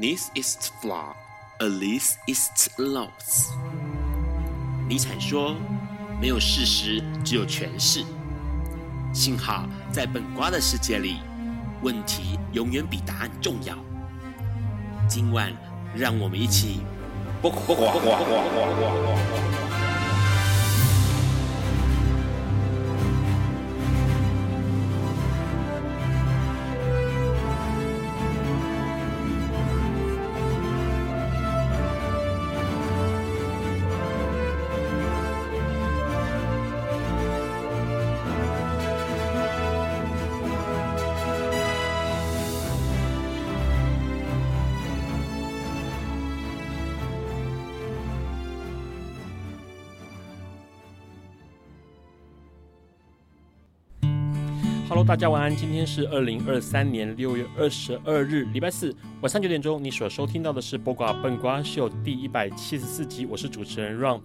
This is flaw, at least it's loss。尼采說：“沒有事實，只有詮釋。”幸好在本瓜的世界裡，問題永遠比答案重要。今晚，讓我們一起大家晚安，今天是二零二三年六月二十二日，禮拜四晚上九點鐘，你所收聽到的是《播瓜笨瓜秀》第一百七十四集，我是主持人 Ron。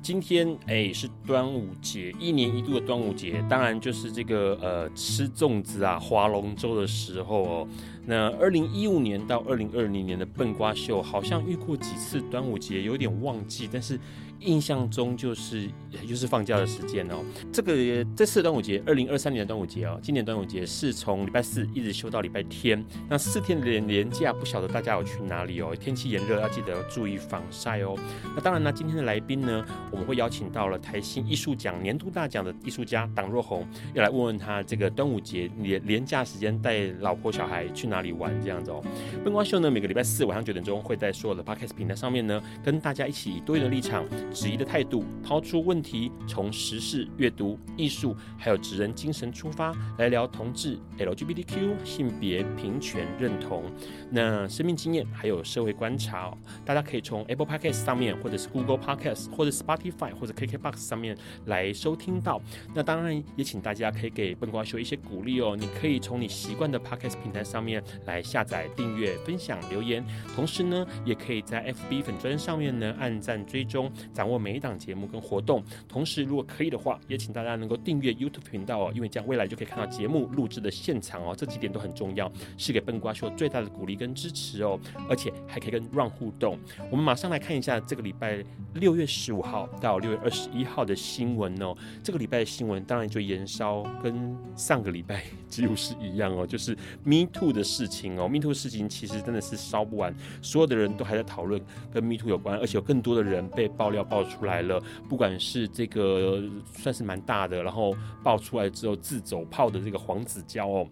今天哎、欸，是端午節，一年一度的端午節，當然就是這個呃吃粽子啊、划龍舟的時候哦。那二零一五年到二零二零年的笨瓜秀好像遇過幾次端午節，有點忘記，但是。印象中就是也就是放假的時間喔。這個這次的端午節，二零二三年的端午節喔，今年端午節是從禮拜四一直休到禮拜天，那四天的連假，不曉得大家有去哪裡喔？天氣炎熱，要記得要注意防曬哦。那當然呢，今天的來賓呢，我們會邀請到了台新藝術獎年度大獎的藝術家黨若洪，要來問問他這個端午節連連假時間帶老婆小孩去哪裡玩這樣子喔。燈光秀呢，每個禮拜四晚上九點鐘會在所有的 podcast 平台上面呢，跟大家一起以多元的立場。質疑的態度，拋出問題，從時事、閱讀、藝術，還有職人精神出發來聊同志、LGBTQ、性別平權、認同，那生命經驗還有社會觀察哦，大家可以從 Apple Podcast 上面，或者是 Google Podcast，或者 Spotify，或者 KKBox 上面來收聽到。那當然也請大家可以給笨瓜秀一些鼓勵哦，你可以從你習慣的 Podcast 平台上面來下載、訂閱、分享、留言，同時呢，也可以在 FB 粉專上面呢按讚追蹤。掌握每一檔節目跟活動，同時如果可以的話，也請大家能夠訂閱 YouTube 頻道哦，因為這樣未來就可以看到節目錄製的現場哦。這幾點都很重要，是給笨瓜秀最大的鼓勵跟支持哦，而且還可以跟 Ron 互動。我們馬上來看一下這個禮拜六月十五號到六月二十一號的新聞哦。這個禮拜的新聞當然就延燒，跟上個禮拜幾乎是一樣哦，就是 Me Too 的事情哦。Me Too 的事情其實真的是燒不完，所有的人都還在討論跟 Me Too 有關，而且有更多的人被爆料。爆出來了，不管是這個算是蠻大的，然後爆出來之後自走炮的這個黃子膠哦。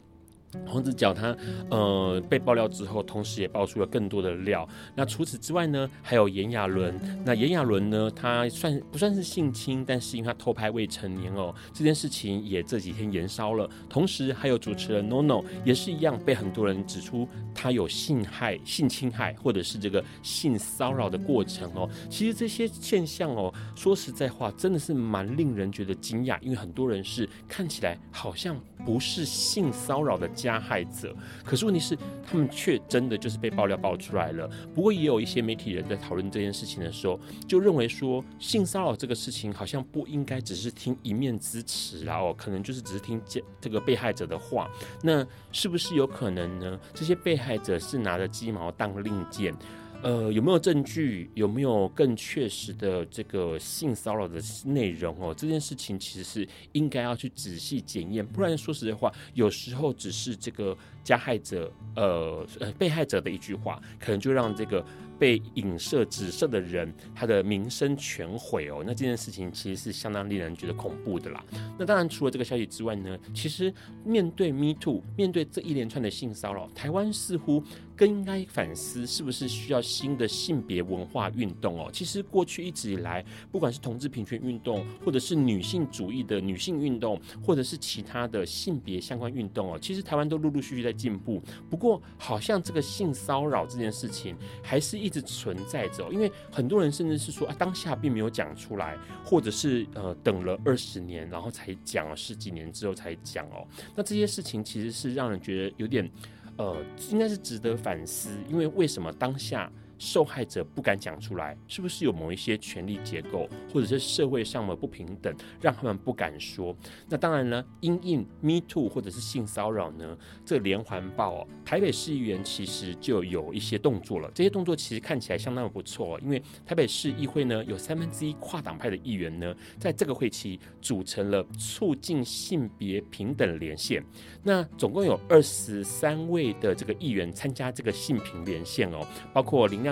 黃子佼他呃被爆料之後，同時也爆出了更多的料。那除此之外呢，還有炎亞綸。那炎亞綸呢，他算不算是性侵？但是因為他偷拍未成年哦，這件事情也這幾天延燒了。同時還有主持人 NONO 也是一樣，被很多人指出他有性害，性侵害或者是這個性騷擾的過程哦。其實這些現象哦，說實在話，真的是蠻令人覺得驚訝，因為很多人是看起來好像不是性騷擾的。加害者，可是問題是，他們卻真的就是被爆料爆出來了。不過也有一些媒體人在討論這件事情的時候，就認為說，性騷擾這個事情好像不應該只是聽一面之詞啦，哦，可能就是只是聽見這個被害者的話，那是不是有可能呢？這些被害者是拿着雞毛當令箭？呃，有沒有證據？有沒有更確實的這個性騷擾的內容？哦，這件事情其實是應該要去仔細檢驗，不然說實在話，有時候只是這個加害者，呃，呃，被害者的一句話，可能就讓這個。被影射、指涉的人，他的名聲全毀哦。那這件事情其實是相當令人覺得恐怖的啦。那當然，除了這個消息之外呢，其實面對 Me Too，面對這一連串的性騷擾，台灣似乎更應該反思，是不是需要新的性別文化運動哦。其實過去一直以來，不管是同志平權運動，或者是女性主義的女性運動，或者是其他的性別相關運動哦，其實台灣都陸陸續續在進步。不過，好像這個性騷擾這件事情，還是一。一直存在着，因為很多人甚至是說，啊，當下並沒有講出來，或者是呃，等了二十年，然後才講了十幾年之後才講哦、喔，那這些事情其實是讓人覺得有點，呃，應該是值得反思，因為為什麼當下？受害者不敢講出來，是不是有某一些權力結構，或者是社會上的不平等，讓他們不敢說？那當然呢，因應 Me Too 或者是性騷擾呢，這個連環報哦，台北市議員其實就有一些動作了。這些動作其實看起來相當不錯，哦，因為台北市議會呢，有三分之一跨黨派的議員呢，在這個會期組成了促進性別平等連線。那總共有二十三位的這個議員參加這個性平連線哦，包括林亮。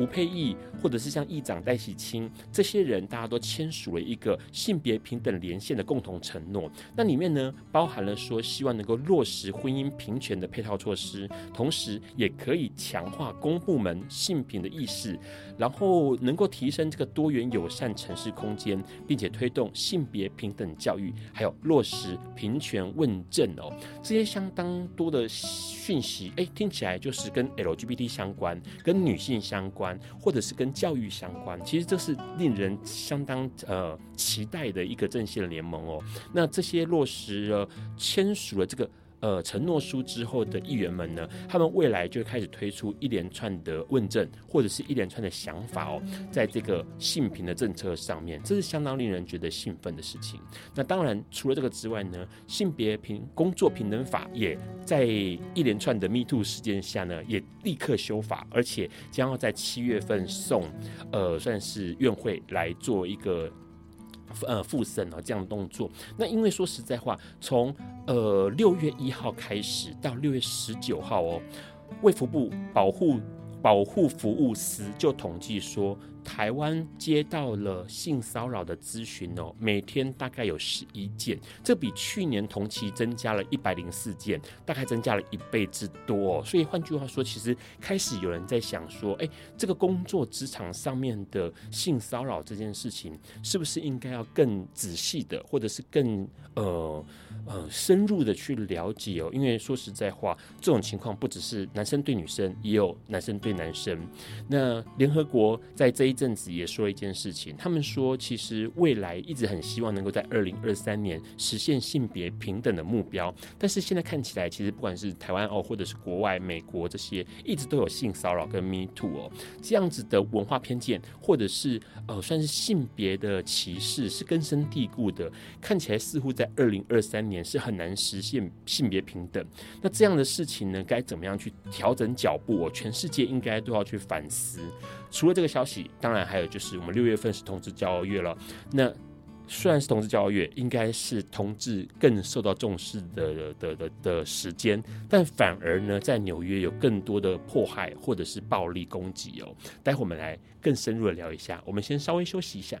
吳沛憶或者是像議長戴錫欽這些人，大家都簽署了一個性別平等連線的共同承諾。那裡面呢，包含了說希望能夠落實婚姻平權的配套措施，同時也可以強化公部門性平的意識，然後能夠提升這個多元友善城市空間，並且推動性別平等教育，還有落實平權問政哦。這些相當多的訊息，哎、欸，聽起來就是跟 LGBT 相關，跟女性相關。或者是跟教育相關，其實這是令人相當呃期待的一個陣線聯盟哦，喔。那這些落實了、簽署了這個。呃，承諾書之後的議員們呢，他們未來就會開始推出一連串的問政，或者是一連串的想法哦，在這個性平的政策上面，這是相當令人覺得興奮的事情。那當然，除了這個之外呢，性別平工作平等法也在一連串的密 o 事件下呢，也立刻修法，而且將要在七月份送，呃，算是院會來做一個。呃，復審哦，這樣動作。那因為說實在話，從呃六月一號開始到六月十九號哦，衛福部保護。保護服務司就統計說，台灣接到了性騷擾的諮詢哦，每天大概有十一件，這比去年同期增加了一百零四件，大概增加了一倍之多喔。所以換句話說，其實開始有人在想說，誒、欸，這個工作職場上面的性騷擾這件事情，是不是應該要更仔細的，或者是更呃⋯⋯呃，深入的去了解哦，因為說實在話，這種情況不只是男生對女生，也有男生對男生。那聯合國在這一陣子也說一件事情，他們說其實未來一直很希望能夠在二零二三年實現性別平等的目標，但是現在看起來，其實不管是台灣哦，或者是國外、美國這些，一直都有性騷擾跟 Me Too 哦這樣子的文化偏見，或者是呃算是性別的歧視是根深蒂固的，看起來似乎在二零二三。也是很難實現性別平等。那這樣的事情呢，該怎麼樣去調整腳步哦，全世界應該都要去反思。除了這個消息，當然還有就是我們六月份是同志驕傲月了。那雖然是同志驕傲月，應該是同志更受到重視的的的的的時間，但反而呢，在紐約有更多的迫害或者是暴力攻擊哦。待會我們來更深入的聊一下。我們先稍微休息一下。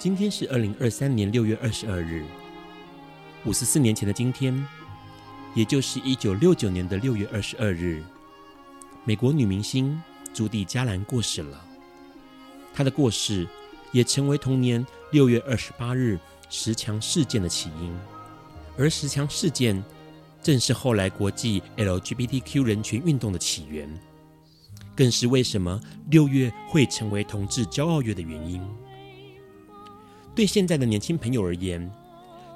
今天是二零二三年六月二十二日，五十四年前的今天，也就是一九六九年的六月二十二日，美國女明星朱蒂加蘭過世了。她的過世也成為同年六月二十八日石牆事件的起因，而石牆事件正是後來國際 LGBTQ 人權運動的起源，更是為什麼六月會成為同志驕傲月的原因。對現在的年輕朋友而言，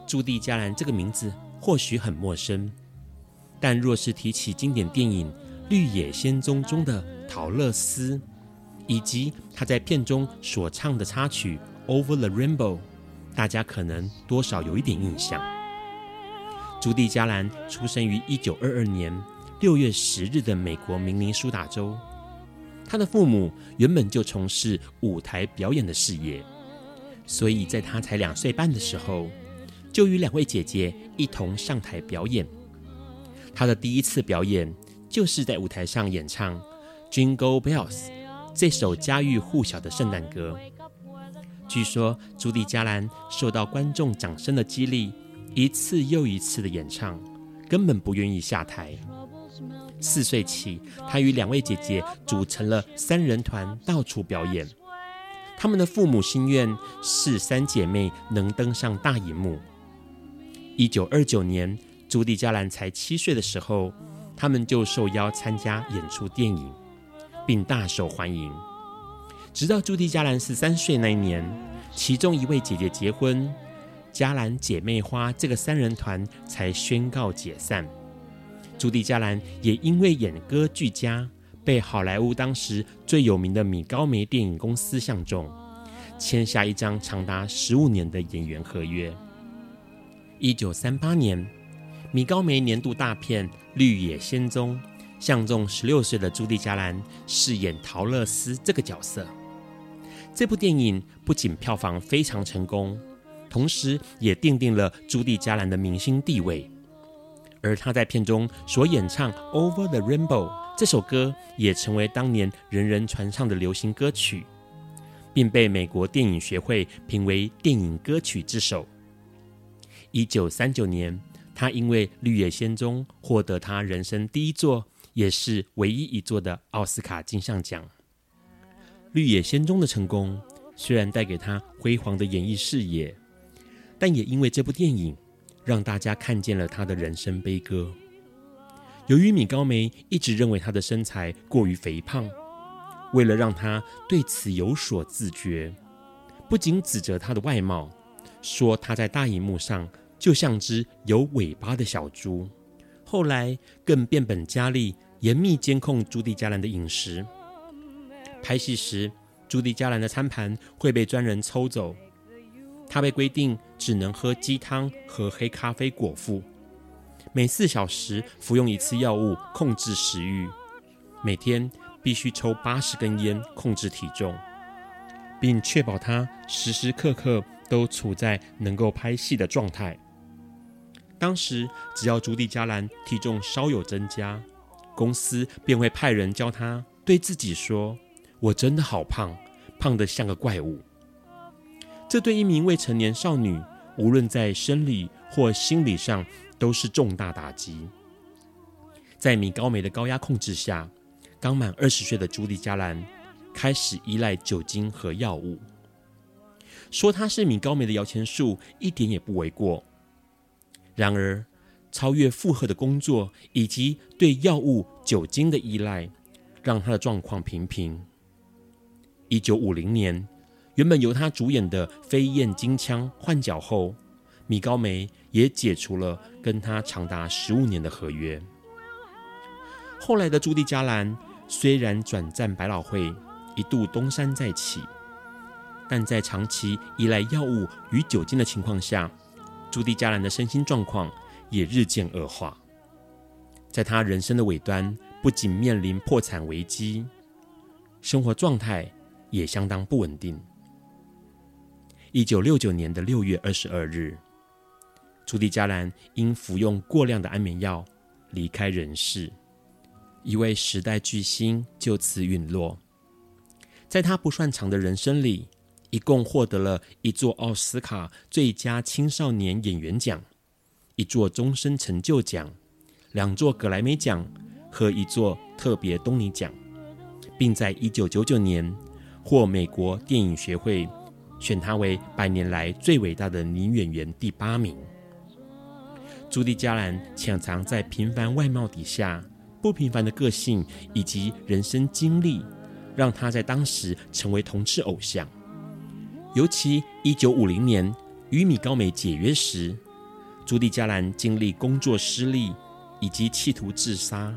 朱蒂·加蘭這個名字或許很陌生，但若是提起經典電影《綠野仙蹤》中的桃樂絲，以及她在片中所唱的插曲《Over the Rainbow》，大家可能多少有一點印象。朱蒂·加蘭出生於1922年6月10日的美國明尼蘇達州，她的父母原本就從事舞台表演的事業。所以，在他才兩歲半的時候，就與兩位姐姐一同上台表演。他的第一次表演就是在舞台上演唱《Jingle Bells》這首家喻戶曉的聖誕歌。據說，朱蒂加蘭受到觀眾掌聲的激勵，一次又一次的演唱，根本不願意下台。四歲起，他與兩位姐姐組成了三人團，到處表演。他們的父母心願是三姐妹能登上大熒幕。一九二九年，朱迪·加蘭才七歲的時候，他們就受邀參加演出電影，並大受歡迎。直到朱迪·加蘭十三歲那一年，其中一位姐姐結婚，加蘭姐妹花這個三人團才宣告解散。朱迪·加蘭也因為演歌俱佳。被好萊塢當時最有名的米高梅電影公司相中，簽下一張長達十五年的演員合約。一九三八年，米高梅年度大片《綠野仙蹤》相中十六歲的朱蒂·加蘭飾演桃樂絲這個角色。這部電影不僅票房非常成功，同時也奠定了朱蒂·加蘭的明星地位。而她在片中所演唱《Over the Rainbow》。這首歌也成為當年人人傳唱的流行歌曲，並被美國電影學會評為電影歌曲之首。一九三九年，他因為《綠野仙蹤》獲得他人生第一座，也是唯一一座的奧斯卡金像獎。《綠野仙蹤》的成功雖然帶給他輝煌的演藝事業，但也因為這部電影，讓大家看見了他的人生悲歌。由於米高梅一直認為她的身材過於肥胖，為了讓她對此有所自覺，不僅指責她的外貌，說她在大銀幕上就像只有尾巴的小豬，後來更變本加厲，嚴密監控朱蒂加蘭的飲食。拍戲時，朱蒂加蘭的餐盤會被專人抽走，她被規定只能喝雞湯和黑咖啡果腹。每四小時服用一次藥物控制食欲，每天必須抽八十根煙控制體重，並確保她時時刻刻都處在能夠拍戲的狀態。當時，只要朱蒂加蘭體重稍有增加，公司便會派人教她對自己說：“我真的好胖，胖得像個怪物。”這對一名未成年少女，無論在生理或心理上，都是重大打擊。在米高梅的高壓控制下，剛滿二十歲的朱迪·加蘭開始依賴酒精和藥物。說她是米高梅的搖錢樹一點也不為過。然而，超越負荷的工作以及對藥物、酒精的依賴，讓她的狀況平平。一九五零年，原本由她主演的《飛燕金槍》換角後，米高梅也解除了跟他長達十五年的合約。後來的朱蒂·加蘭雖然轉戰百老匯，一度東山再起，但在長期依賴藥物與酒精的情況下，朱蒂·加蘭的身心狀況也日漸惡化。在他人生的尾端，不僅面臨破產危機，生活狀態也相當不穩定。一九六九年的六月二十二日。朱迪·加蘭因服用過量的安眠藥離開人世，一位時代巨星就此隕落。在他不算長的人生裡，一共獲得了一座奧斯卡最佳青少年演員獎、一座終身成就獎、兩座格萊美獎和一座特別東尼獎，並在1999年獲美國電影學會選他為百年來最偉大的女演員第八名。朱蒂加蘭潛藏在平凡外貌底下不平凡的個性以及人生經歷，讓她在當時成為同志偶像。尤其1950年與米高梅解約時，朱蒂·加蘭經歷工作失利以及企圖自殺，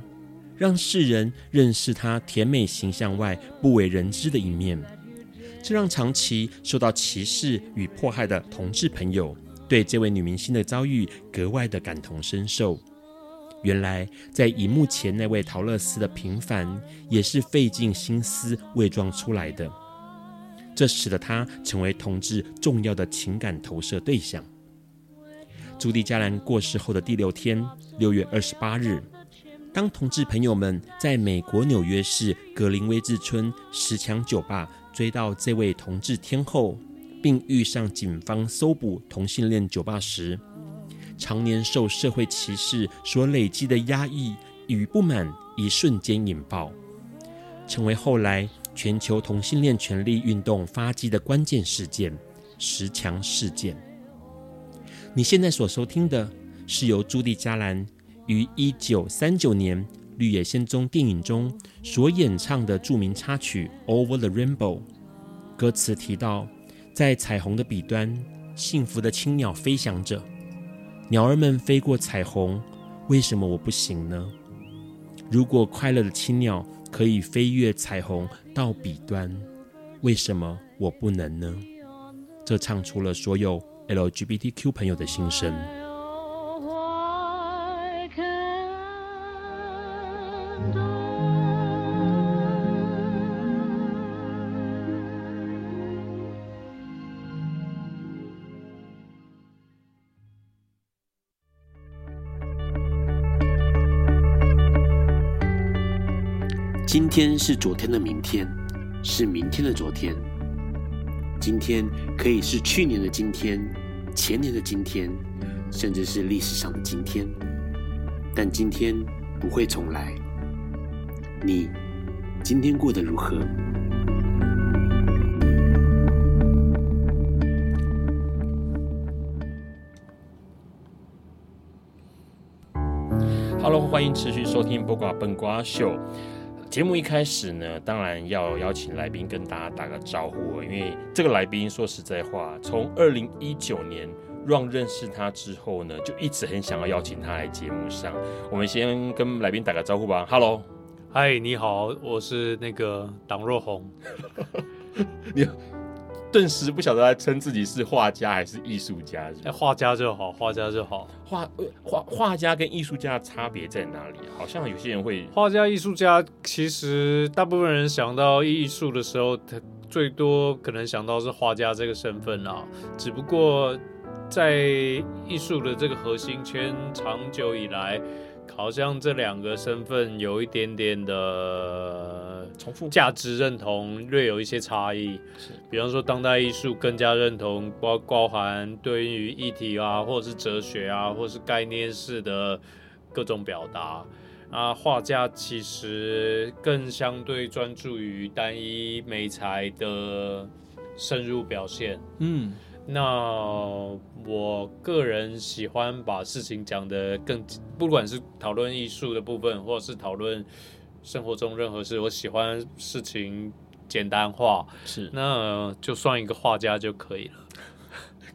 讓世人認識她甜美形象外不為人知的一面。這讓長期受到歧視與迫害的同志朋友，對這位女明星的遭遇，格外的感同身受。原來，在熒幕前那位桃樂絲的平凡，也是費盡心思偽裝出來的。這使得她成為同志重要的情感投射對象。朱蒂加蘭過世後的第六天，六月二十八日，當同志朋友們在美國紐約市格林威治村石牆酒吧追悼這位同志天後，並遇上警方搜捕同性戀酒吧時，常年受社會歧視所累積的壓抑與不滿，一瞬間引爆，成為後來全球同性戀權利運動發跡的關鍵事件——石牆事件。你現在所收聽的是由朱迪·加蘭於一九三九年《綠野仙蹤》電影中所演唱的著名插曲《Over the Rainbow》，歌詞提到。在彩虹的彼端，幸福的青鳥飛翔着。鳥兒們飛過彩虹，為什麼我不行呢？如果快樂的青鳥可以飛越彩虹到彼端，為什麼我不能呢？這唱出了所有 LGBTQ 朋友的心聲。今天是昨天的明天，是明天的昨天。今天可以是去年的今天，前年的今天，甚至是歷史上的今天。但今天不會重來。你今天過得如何？Hello，歡迎持續收聽《播瓜本瓜秀》。節目一開始呢，當然要邀請來賓跟大家打個招呼啊！因為這個來賓說實在話，從二零一九年 Ron 認識他之後呢，就一直很想要邀請他來節目上。我們先跟來賓打個招呼吧。Hello，嗨，你好，我是那個黨若洪。 你好。頓時不曉得他稱自己是畫家還是藝術家是不是？畫家就好，畫家就好。畫畫畫家跟藝術家的差別在哪裡？好像有些人會畫家、藝術家，其實大部分人想到藝術的時候，他最多可能想到是畫家這個身份啊。只不過在藝術的這個核心圈，長久以來好像這兩個身份有一點點的。價值認同略有一些差異，比方說當代藝術更加認同包包含對於議題啊，或者是哲學啊，或者是概念式的各種表達啊。畫家其實更相對專注於單一媒材的深入表現。嗯，那我個人喜歡把事情講得更，不管是討論藝術的部分，或是討論。生活中任何事，我喜歡的事情簡單化，是那就算一個畫家就可以了。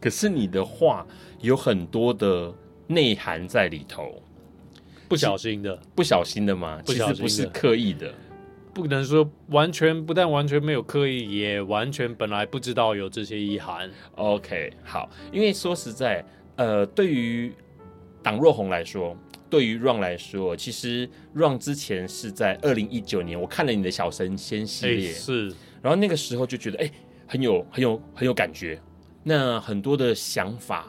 可是你的畫有很多的內涵在裡頭，不小心的，不小心的嘛，其實不是刻意的，不能說完全，不但完全沒有刻意，也完全本來不知道有這些意涵。嗯。OK，好，因為說實在，呃，對於黨若洪來說。對於 Ron 來說，其實 Ron 之前是在二零一九年，我看了你的小神仙系列，哎，是，然後那個時候就覺得，哎，很有很有很有感覺。那很多的想法，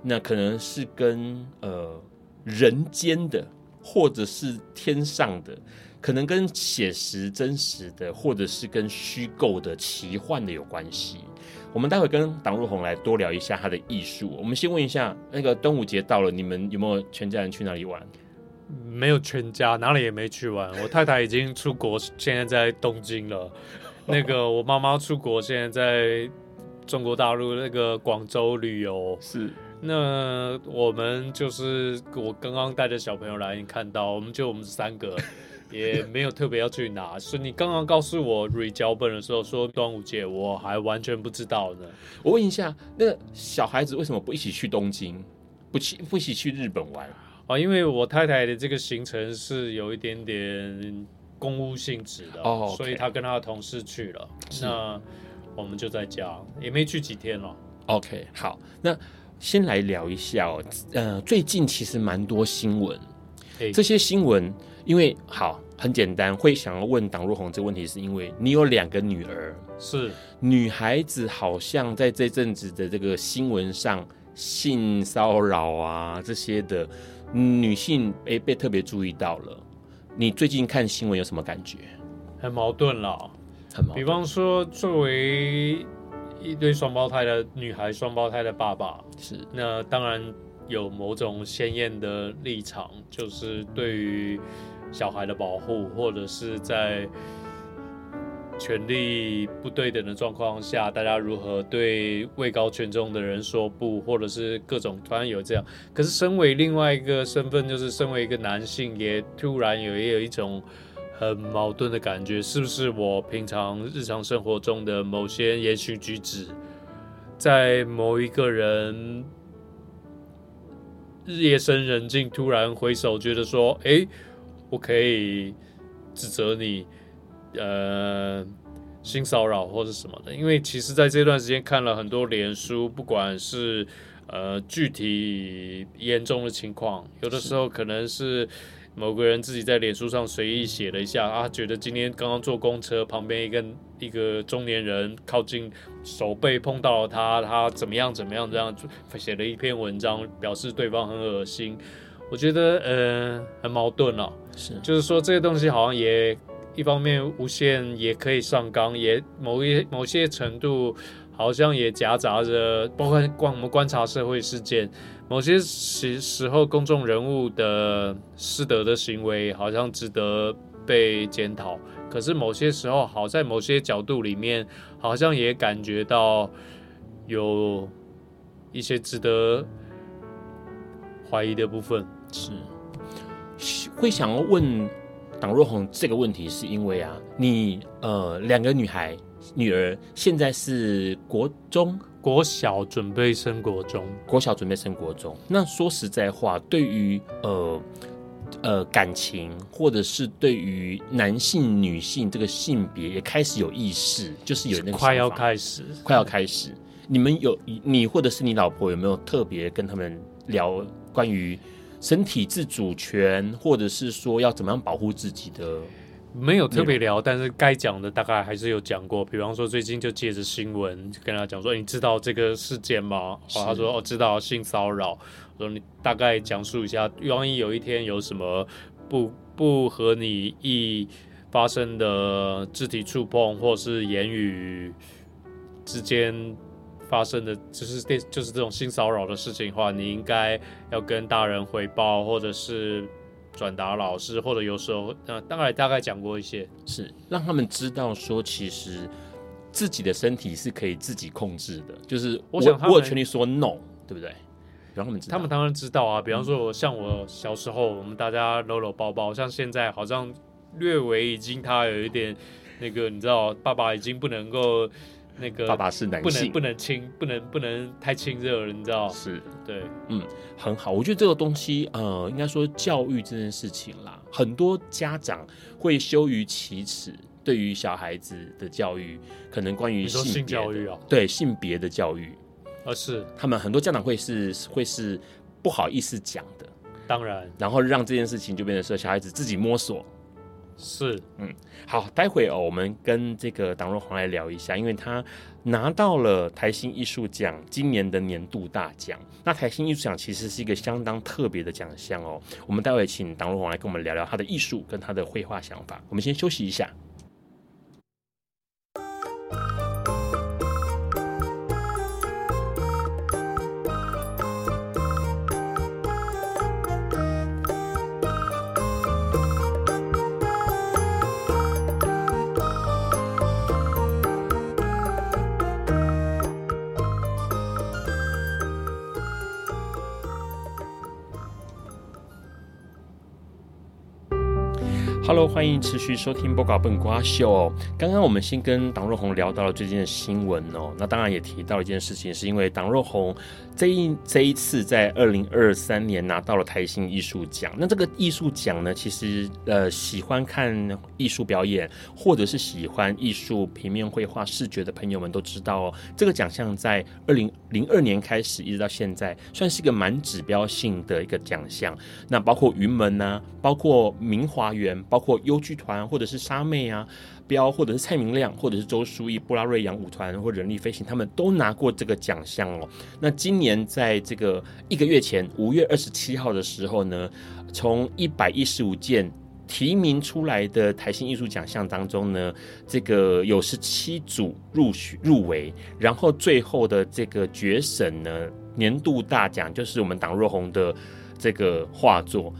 那可能是跟呃人間的，或者是天上的，可能跟寫實真實的，或者是跟虛構的奇幻的有關係。我們待會跟黨若洪來多聊一下他的藝術。我們先問一下，那個端午節到了，你們有沒有全家人去哪裡玩？沒有全家，哪裡也沒去玩。我太太已經出國，現在在東京了。 那個我媽媽出國，現在在中國大陸那個廣州旅遊。是，那我們就是我剛剛帶着小朋友來，你看到我們就我們三個。 也沒有特別要去哪。 所以你剛剛告訴我瑞交本的時候說端午節，我還完全不知道呢。我問一下，那個、小孩子為什麼不一起去東京，不去，不一起去日本玩啊？因為我太太的這個行程是有一點點公務性質的哦，oh, okay. 所以他跟他的同事去了，那我們就在家，也、欸、沒去幾天了。OK，好，那先來聊一下、哦、呃，最近其實蠻多新聞，hey. 這些新聞。因為好很簡單，會想要問黨若洪這個問題，是因為你有兩個女兒，是女孩子，好像在這陣子的這個新聞上，性騷擾啊這些的女性誒被特別注意到了。你最近看新聞有什麼感覺？很矛盾了，很矛盾。比方說，作為一對雙胞胎的女孩，雙胞胎的爸爸是那當然有某種鮮豔的立場，就是對於。小孩的保護，或者是在權力不對等的狀況下，大家如何對位高權重的人說不，或者是各種突然有這樣。可是，身為另外一個身份，就是身為一個男性，也突然有也有一種很矛盾的感覺，是不是我平常日常生活中的某些言行舉止，在某一個人夜深人靜，突然回首，覺得說，誒、欸……我可以指責你，呃，性騷擾或是什麼的，因為其實在這段時間看了很多臉書，不管是呃具體嚴重的情況，有的時候可能是某個人自己在臉書上隨意寫了一下，啊，覺得今天剛剛坐公車，旁邊一個一個中年人靠近手背碰到了他，他怎麼樣怎麼樣這樣，寫了一篇文章表示對方很噁心。我覺得呃很矛盾哦、啊，是，就是說這個東西好像也一方面無限也可以上綱，也某一些某些程度好像也夾雜着，包括觀我們觀察社會事件，某些時時候公眾人物的失德的行為好像值得被檢討，可是某些時候好在某些角度裡面好像也感覺到有一些值得懷疑的部分。是，會想要問黨若洪這個問題，是因為啊，你呃兩個女孩女兒現在是國中國小準備升國中，國小準備升國中。那說實在話，對於呃呃感情，或者是對於男性女性這個性別，也開始有意識，就是有那個是快要開始，快要開始。嗯、你們有你或者是你老婆有沒有特別跟他們聊關於？身體自主權，或者是說要怎麼樣保護自己的，沒有特別聊、嗯，但是該講的大概還是有講過。比方說最近就借着新聞跟他講說：“欸，你知道這個事件嗎？”他說：“哦，知道性騷擾。”我說：“你大概講述一下，萬一有一天有什麼不不合你意發生的肢體觸碰，或是言語之間。”發生的就是這就是這種性騷擾的事情的話，你應該要跟大人匯報，或者是轉達老師，或者有時候呃，大概大概講過一些，是讓他們知道說，其實自己的身體是可以自己控制的，就是我，我想他們，我有權利說 no，對不對？讓他們知道，他們當然知道啊。比方說，我像我小時候，嗯、我們大家摟摟抱抱，像現在好像略微已經他有一點那個，你知道，爸爸已經不能夠。那個爸爸是男性，不能不能親，不能不能太親熱了，你知道？是，對，嗯，很好。我覺得這個東西，呃，應該說教育這件事情啦，很多家長會羞於啟齒，對於小孩子的教育，可能關於性、性教育哦、啊，對性別的教育，而、呃、是，他們很多家長會是會是不好意思講的，當然，然後讓這件事情就變成說小孩子自己摸索。是，嗯，好，待會兒哦，我們跟這個黨若洪來聊一下，因為他拿到了台新藝術獎今年的年度大獎。那台新藝術獎其實是一個相當特別的獎項哦。我們待會兒請黨若洪來跟我們聊聊他的藝術跟他的繪畫想法。我們先休息一下。歡迎持續收聽《播稿，本瓜秀》，剛剛我們先跟黨若洪聊到了最近的新聞哦，那當然也提到一件事情，是因為黨若洪這一這一次在二零二三年拿到了台新藝術獎。那這個藝術獎呢，其實呃，喜歡看藝術表演或者是喜歡藝術平面繪畫視覺的朋友們都知道哦，這個獎項在二零零二年開始一直到現在，算是一個蠻指標性的一個獎項。那包括雲門吶、啊，包括明華園，包括或優劇團，或者是莎妹啊，彪，或者是蔡明亮，或者是周書毅、布拉瑞揚舞團，或人力飛行，他們都拿過這個獎項哦。那今年在這個一個月前，五月二十七號的時候呢，從一百一十五件提名出來的台新藝術獎項當中呢，這個有十七組入選入圍，然後最後的這個決審呢，年度大獎就是我們黨若洪的這個畫作。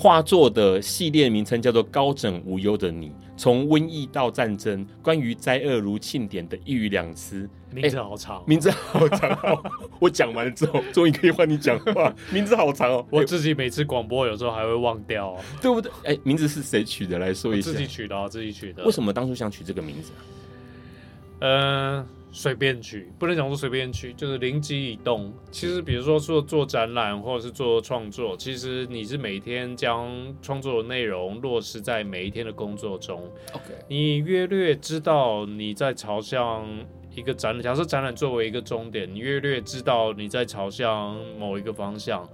畫作的系列名稱叫做《高枕無憂的你》，從瘟疫到戰爭，關於災厄如慶典的一語兩詞。名字好長、哦欸，名字好長、哦。 我講完之後，終於可以換你講話。名字好長哦，欸、我自己每次廣播有時候還會忘掉對不對？哎、欸，名字是誰取的？來說一下。自己取的、啊，自己取的。為什麼當初想取這個名字、啊？嗯、呃。隨便去，不能講是隨便去，就是靈機一動。其實，比如說做做展覽或者是做創作，其實你是每天將創作的內容落實在每一天的工作中。OK，你約略知道你在朝向一個展覽，假設展覽作為一個終點，你約略知道你在朝向某一個方向，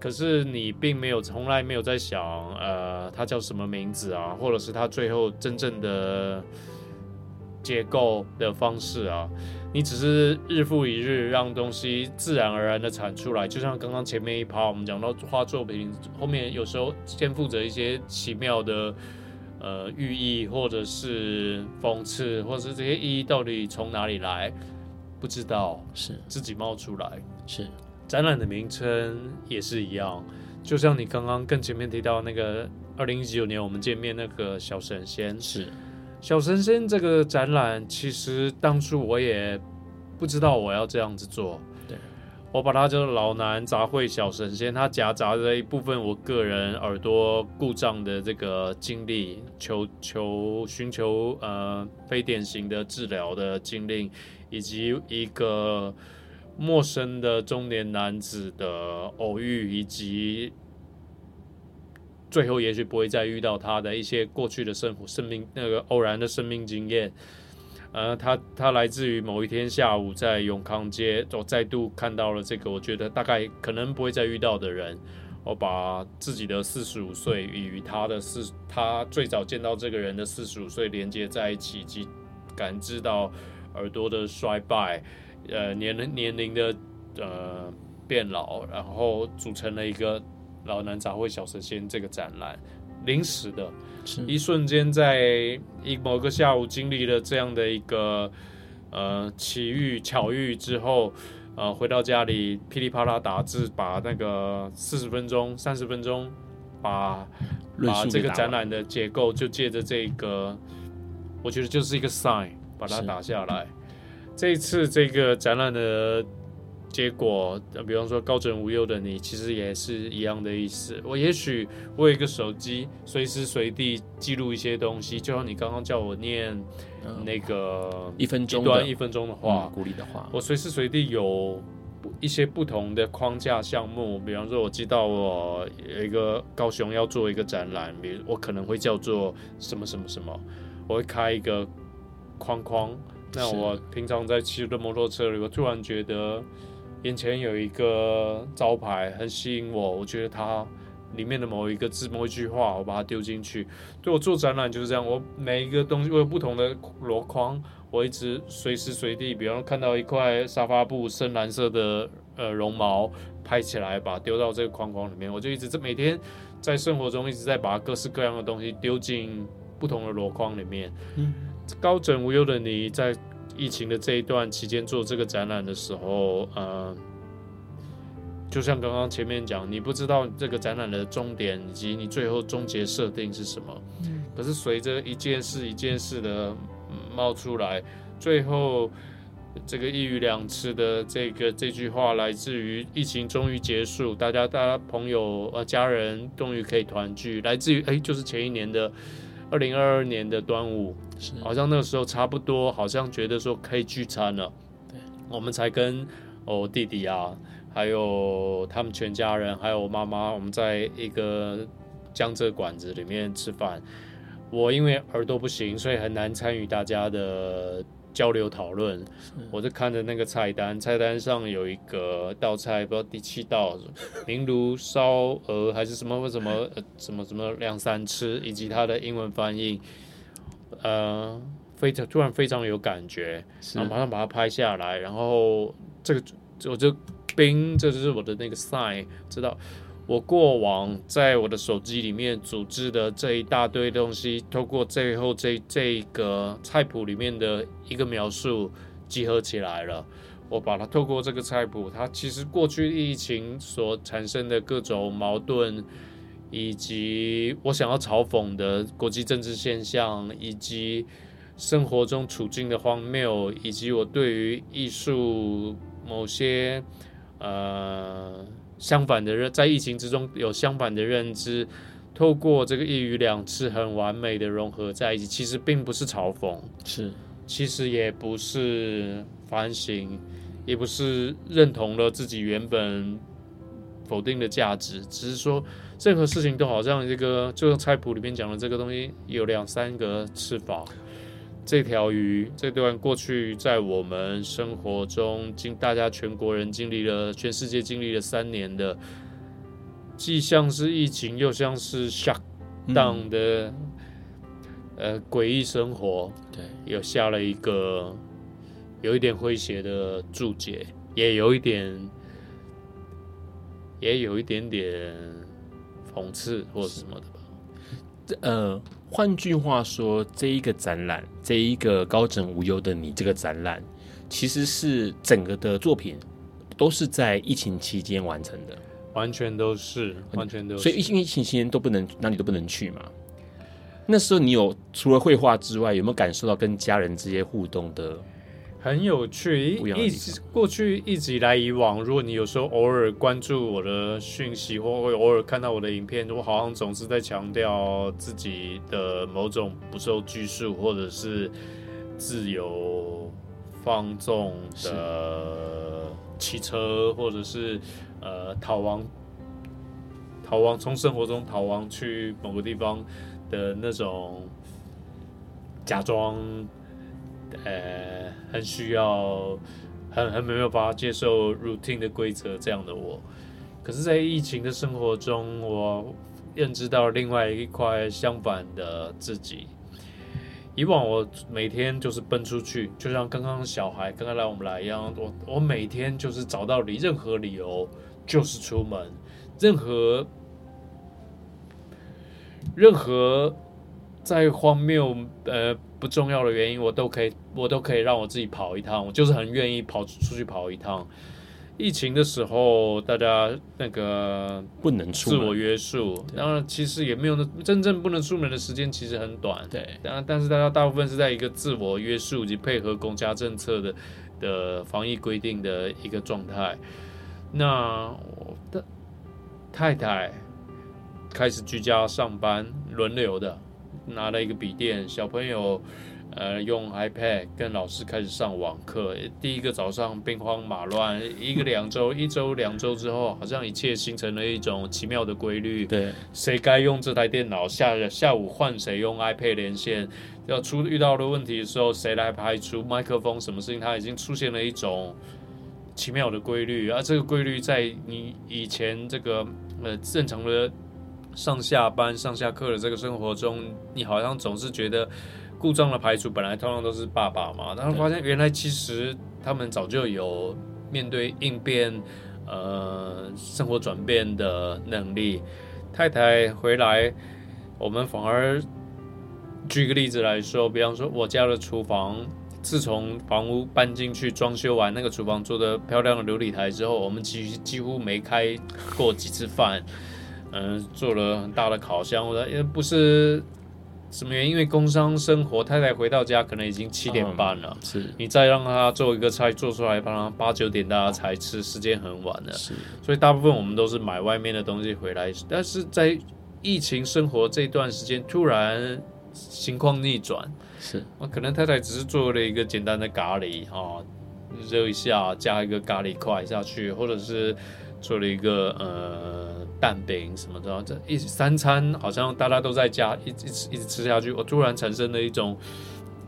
可是你並沒有從來沒有在想，呃，它叫什麼名字啊，或者是它最後真正的，結構的方式啊，你只是日復一日讓東西自然而然的產出來，就像剛剛前面一趴我們講到畫作品後面有時候肩負着一些奇妙的呃寓意，或者是諷刺，或者是這些意義到底從哪裡來，不知道是自己冒出來。是展覽的名稱也是一樣，就像你剛剛跟前面提到那個二零一九年我們見面那個小神仙是。小神仙這個展覽，其實當初我也不知道我要這樣子做。對，我把它叫做老男雜燴小神仙，它夾雜着一部分我個人耳朵故障的這個經歷，求求尋求呃非典型的治療的經歷，以及一個陌生的中年男子的偶遇，以及。最後，也許不會再遇到他的一些過去的生活生命，那個偶然的生命經驗。呃，他他來自於某一天下午在永康街，我再度看到了這個，我覺得大概可能不會再遇到的人。我、哦、把自己的四十五歲與他的四，他最早見到這個人的四十五歲連接在一起，及感知到耳朵的衰敗，呃，年年齡的呃變老，然後組成了一個。老男雜燴小神仙這個展覽，臨時的，一瞬間在一某個下午經歷了這樣的一個呃奇遇巧遇之後，呃回到家裡噼裡啪啦打字，把那個四十分鐘三十分鐘把、嗯、把這個展覽的結構就借着這個，我覺得就是一個 sign 把它打下來。嗯、這一次這個展覽的。結果，比方說高枕無憂的你，其實也是一樣的意思。我也許我有一個手機，隨時隨地記錄一些東西，就像你剛剛叫我念那個一分鐘一分鐘的話，嗯，一分鐘的。嗯，鼓勵的話。我隨時隨地有一些不同的框架項目，比方說我知道我有一個高雄要做一個展覽，比如我可能會叫做什麼什麼什麼，我會開一個框框。那我平常在騎的摩托車裡，我突然覺得。眼前有一個招牌很吸引我，我覺得它裡面的某一個字、某一句話，我把它丟進去。就我做展覽就是這樣，我每一個東西，我有不同的籮筐，我一直隨時隨地，比方看到一塊沙發布，深藍色的呃絨毛，拍起來把它丟到這個框框裡面，我就一直這每天在生活中一直在把各式各樣的東西丟進不同的籮筐裡面。嗯，高枕無憂的你在，疫情的這一段期間做這個展覽的時候，呃，就像剛剛前面講，你不知道這個展覽的重點以及你最後終結設定是什麼。嗯、可是隨着一件事一件事的冒出來，最後這個一語兩次的這個這句話，來自於疫情終於結束，大家大家、朋友、呃家人終於可以團聚，來自於哎、欸、就是前一年的。二零二二年的端午，是的。好像那個時候差不多，好像覺得說可以聚餐了。對。我們才跟哦我弟弟啊，還有他們全家人，還有我媽媽，我們在一個江浙館子裡面吃飯。我因為耳朵不行，所以很難參與大家的交流討論，我就看着那個菜單，菜單上有一個道菜，不知道第七道，明爐燒鵝還是什麼，為什麼、呃、什麼什麼兩三吃，以及它的英文翻譯，呃，非常突然非常有感覺，然後馬上把它拍下來，然後這個我就冰，這就是我的那個 sign，知道。我過往在我的手機裡面組織的這一大堆東西，透過最後這這一個菜譜裡面的一個描述集合起來了。我把它透過這個菜譜，它其實過去疫情所產生的各種矛盾，以及我想要嘲諷的國際政治現象，以及生活中處境的荒謬，以及我對於藝術某些，呃。相反的認在疫情之中有相反的認知，透過這個一魚兩吃很完美的融合在一起，其實並不是嘲諷，是，其實也不是反省，也不是認同了自己原本否定的價值，只是說任何、這個、事情都好像這個就像菜譜裡面講的這個東西有兩三個吃法。這條魚，這段過去在我們生活中，經大家全國人經歷了，全世界經歷了三年的，既像是疫情，又像是 shock down 的，嗯、呃，詭異生活。對，又下了一個有一點詼諧的注解，也有一點，也有一點點諷刺或者什麼的吧，呃。換句話說，這一個展覽，這一個高枕無憂的你，這個展覽其實是整個的作品都是在疫情期間完成的，完全都是，完全都是。嗯，所以疫疫情期間都不能，哪裡都不能去嘛。嗯，那時候你有除了繪畫之外，有沒有感受到跟家人之間互動的？很有趣，一直過去一直以來以往，如果你有時候偶爾關注我的訊息，或會偶爾看到我的影片，我好像總是在強調自己的某種不受拘束，或者是自由放縱的騎車，或者是呃逃亡，逃亡從生活中逃亡去某個地方的那種假裝、嗯。呃、欸，很需要，很很沒有辦法接受 routine 的規則這樣的我。可是，在疫情的生活中，我認知到了另外一塊相反的自己。以往我每天就是奔出去，就像剛剛小孩剛剛來我們來一樣，我我每天就是找到理任何理由就是出門，任何任何。再荒謬、呃，不重要的原因，我都可以，我都可以讓我自己跑一趟。我就是很願意跑出去跑一趟。疫情的時候，大家那個不能自我約束，當然其實也沒有真正不能出門的時間，其實很短。對，但但是，大家大部分是在一個自我約束以及配合公家政策的的防疫規定的一個狀態。那我的太太開始居家上班，輪流的。拿了一個筆電，小朋友，呃，用 iPad 跟老師開始上網課。第一個早上兵荒馬亂，一個兩周，一周兩周之後，好像一切形成了一種奇妙的規律。對，誰該用這台電腦？下下午換誰用 iPad 連線？要出遇到的問題的時候，誰來排除麥克風？什麼事情？它已經出現了一種奇妙的規律。啊，這個規律在你以前這個呃正常的。上下班、上下課的這個生活中，你好像總是覺得故障的排除本來通常都是爸爸嘛，然後發現原來其實他們早就有面對應變、呃生活轉變的能力。太太回來，我們反而舉個例子來說，比方說我家的廚房，自從房屋搬進去、裝修完那個廚房做得漂亮的流理台之後，我們幾幾乎沒開過幾次飯。 嗯，做了很大的烤箱。我覺得也不是什麼原因，因為工商生活，太太回到家可能已經七點半了。嗯、是，你再讓她做一個菜做出來，可能八九點大家才吃，時間很晚了。是，所以大部分我們都是買外面的東西回來。但是在疫情生活這段時間，突然情況逆轉，是，可能太太只是做了一個簡單的咖喱，哦、啊，熱一下，加一個咖喱塊下去，或者是。做了一個呃蛋餅什麼的，這一三餐好像大家都在家一一直一直吃，吃下去，我突然產生了一種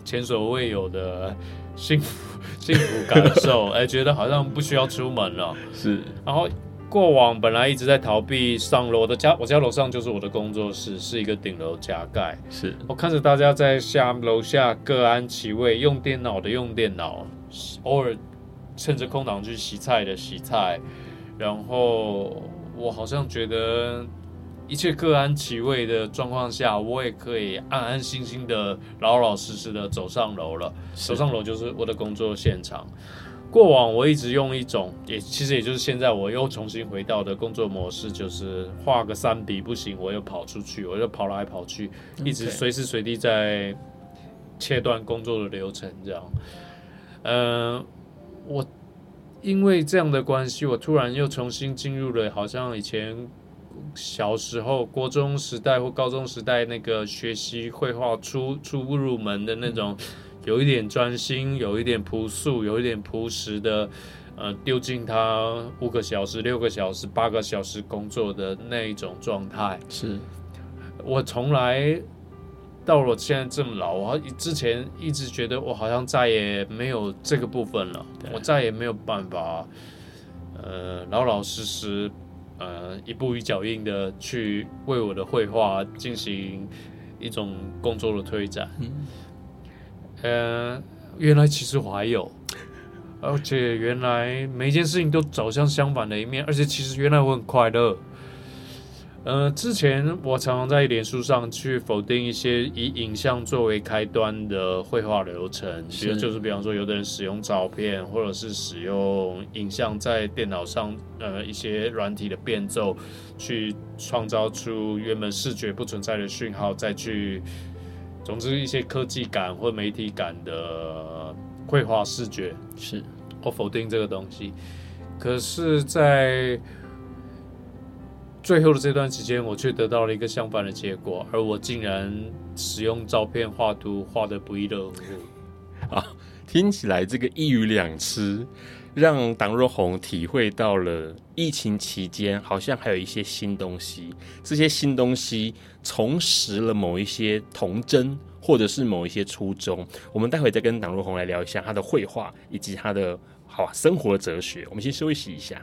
前所未有的幸福幸福感受，哎、 欸，覺得好像不需要出門了，是，然後過往本來一直在逃避上樓的家，我家樓上就是我的工作室，是一個頂樓加蓋。是我看着大家在下樓下各安其位，用電腦的用電腦，偶爾趁着空檔去洗菜的洗菜。然後我好像覺得一切各安其位的狀況下，我也可以安安心心的、老老實實的走上樓了。走上樓就是我的工作現場。過往我一直用一種，也其實也就是現在我又重新回到的工作模式，嗯、就是畫個三筆不行，我又跑出去，我又跑來跑去，Okay. 一直隨時隨地在切斷工作的流程。這樣，嗯，我。因為這樣的關係，我突然又重新進入了好像以前小時候、國中時代或高中時代那個學習繪畫初初入門的那種、嗯，有一點專心，有一點樸素，有一點樸實的，呃，丟進他五個小時、六個小時、八個小時工作的那一種狀態。是，我從來。到了現在這麼老，我之前一直覺得我好像再也沒有這個部分了，我再也沒有辦法，呃，老老實實，呃，一步一腳印的去為我的繪畫進行一種工作的推展。嗯，呃，原來其實我還有，而且原來每一件事情都走向相反的一面，而且其實原來我很快樂。呃，之前我常常在臉書上去否定一些以影像作為開端的繪畫流程，比如就是比方說有的人使用照片，或者是使用影像在電腦上，呃，一些軟體的變奏，去創造出原本視覺不存在的訊號，嗯，再去，總之一些科技感或媒體感的繪畫視覺，是，我否定這個東西，可是，在。最後的這段時間，我卻得到了一個相反的結果，而我竟然使用照片畫圖畫得，畫的不亦樂乎啊！聽起來這個一魚兩吃，讓黨若洪體會到了疫情期間好像還有一些新東西，這些新東西重拾了某一些童真，或者是某一些初衷。我們待會再跟黨若洪來聊一下他的繪畫以及他的好生活的哲學。我們先休息一下。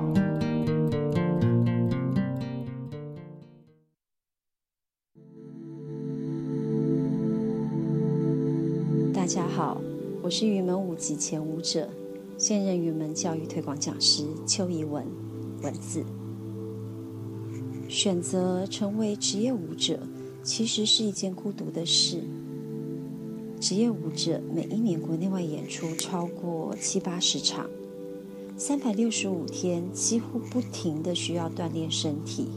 是雲門舞集前舞者，現任雲門教育推廣講師邱怡文文字。選擇成為職業舞者，其實是一件孤獨的事。職業舞者每一年國內外演出超過七八十場，三百六十五天幾乎不停的需要鍛鍊身體。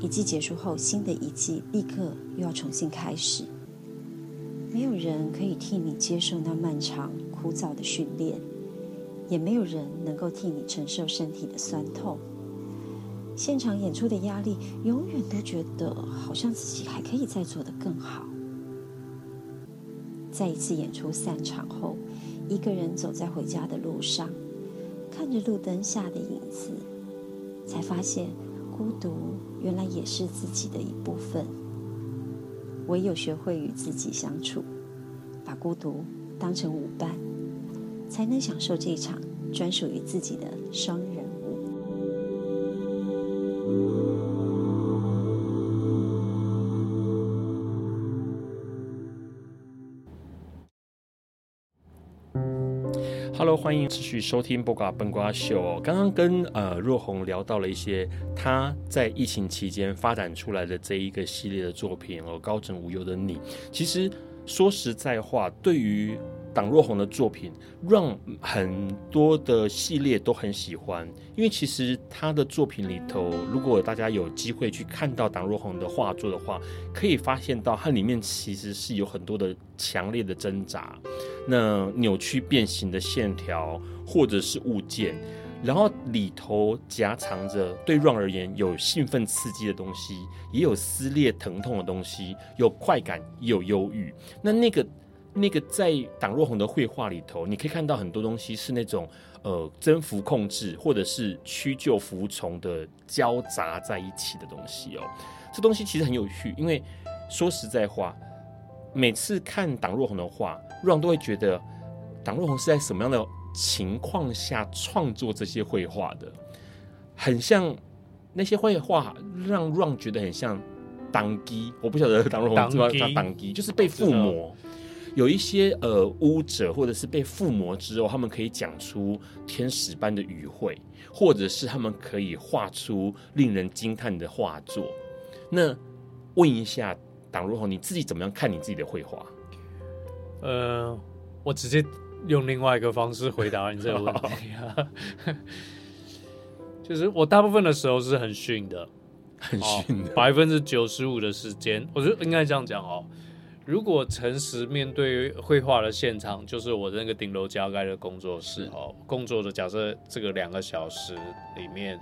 一季結束後，新的一季立刻又要重新開始。沒有人可以替你接受那漫長枯燥的訓練，也沒有人能夠替你承受身體的酸痛。現場演出的壓力，永遠都覺得好像自己還可以再做得更好。在一次演出散場後，一個人走在回家的路上，看着路燈下的影子，才發現孤獨原來也是自己的一部分。唯有學會與自己相處，把孤獨當成舞伴，才能享受這場專屬於自己的雙人。歡迎持續收聽《布瓜奔瓜秀》。剛剛跟呃若洪聊到了一些他在疫情期間發展出來的這一個系列的作品哦，《高枕無憂的你》。其實說實在話，對於黨若洪的作品，讓很多的系列都很喜歡，因為其實他的作品裡頭，如果大家有機會去看到黨若洪的畫作的話，可以發現到他裡面其實是有很多的強烈的掙扎。那扭曲變形的線條，或者是物件，然後裡頭夾藏着對 Ron 而言有興奮刺激的東西，也有撕裂疼痛的東西，有快感也有憂鬱。那那個那個在黨若洪的繪畫裡頭，你可以看到很多東西是那種呃征服控制或者是屈就服從的交雜在一起的東西哦。這東西其實很有趣，因為說實在話，每次看黨若洪的畫。Ron 都會覺得，黨若洪是在什麼樣的情況下創作這些繪畫的？很像那些繪畫讓 Ron 覺得很像童乩，我不曉得黨若洪怎麼講童乩，就是被附魔。有一些呃巫者或者是被附魔之後，他們可以講出天使般的語彙，或者是他們可以畫出令人驚嘆的畫作。那問一下黨若洪，你自己怎麼樣看你自己的繪畫？呃，我直接用另外一個方式回答你這個問題，其、啊 oh. 就是我大部分的時候是很遜的，很遜的，百分之九十五的時間，我覺得應該這樣講哦。如果誠實面對繪畫的現場，就是我的那個頂樓加蓋的工作室哦，工作的假設這個兩個小時裡面。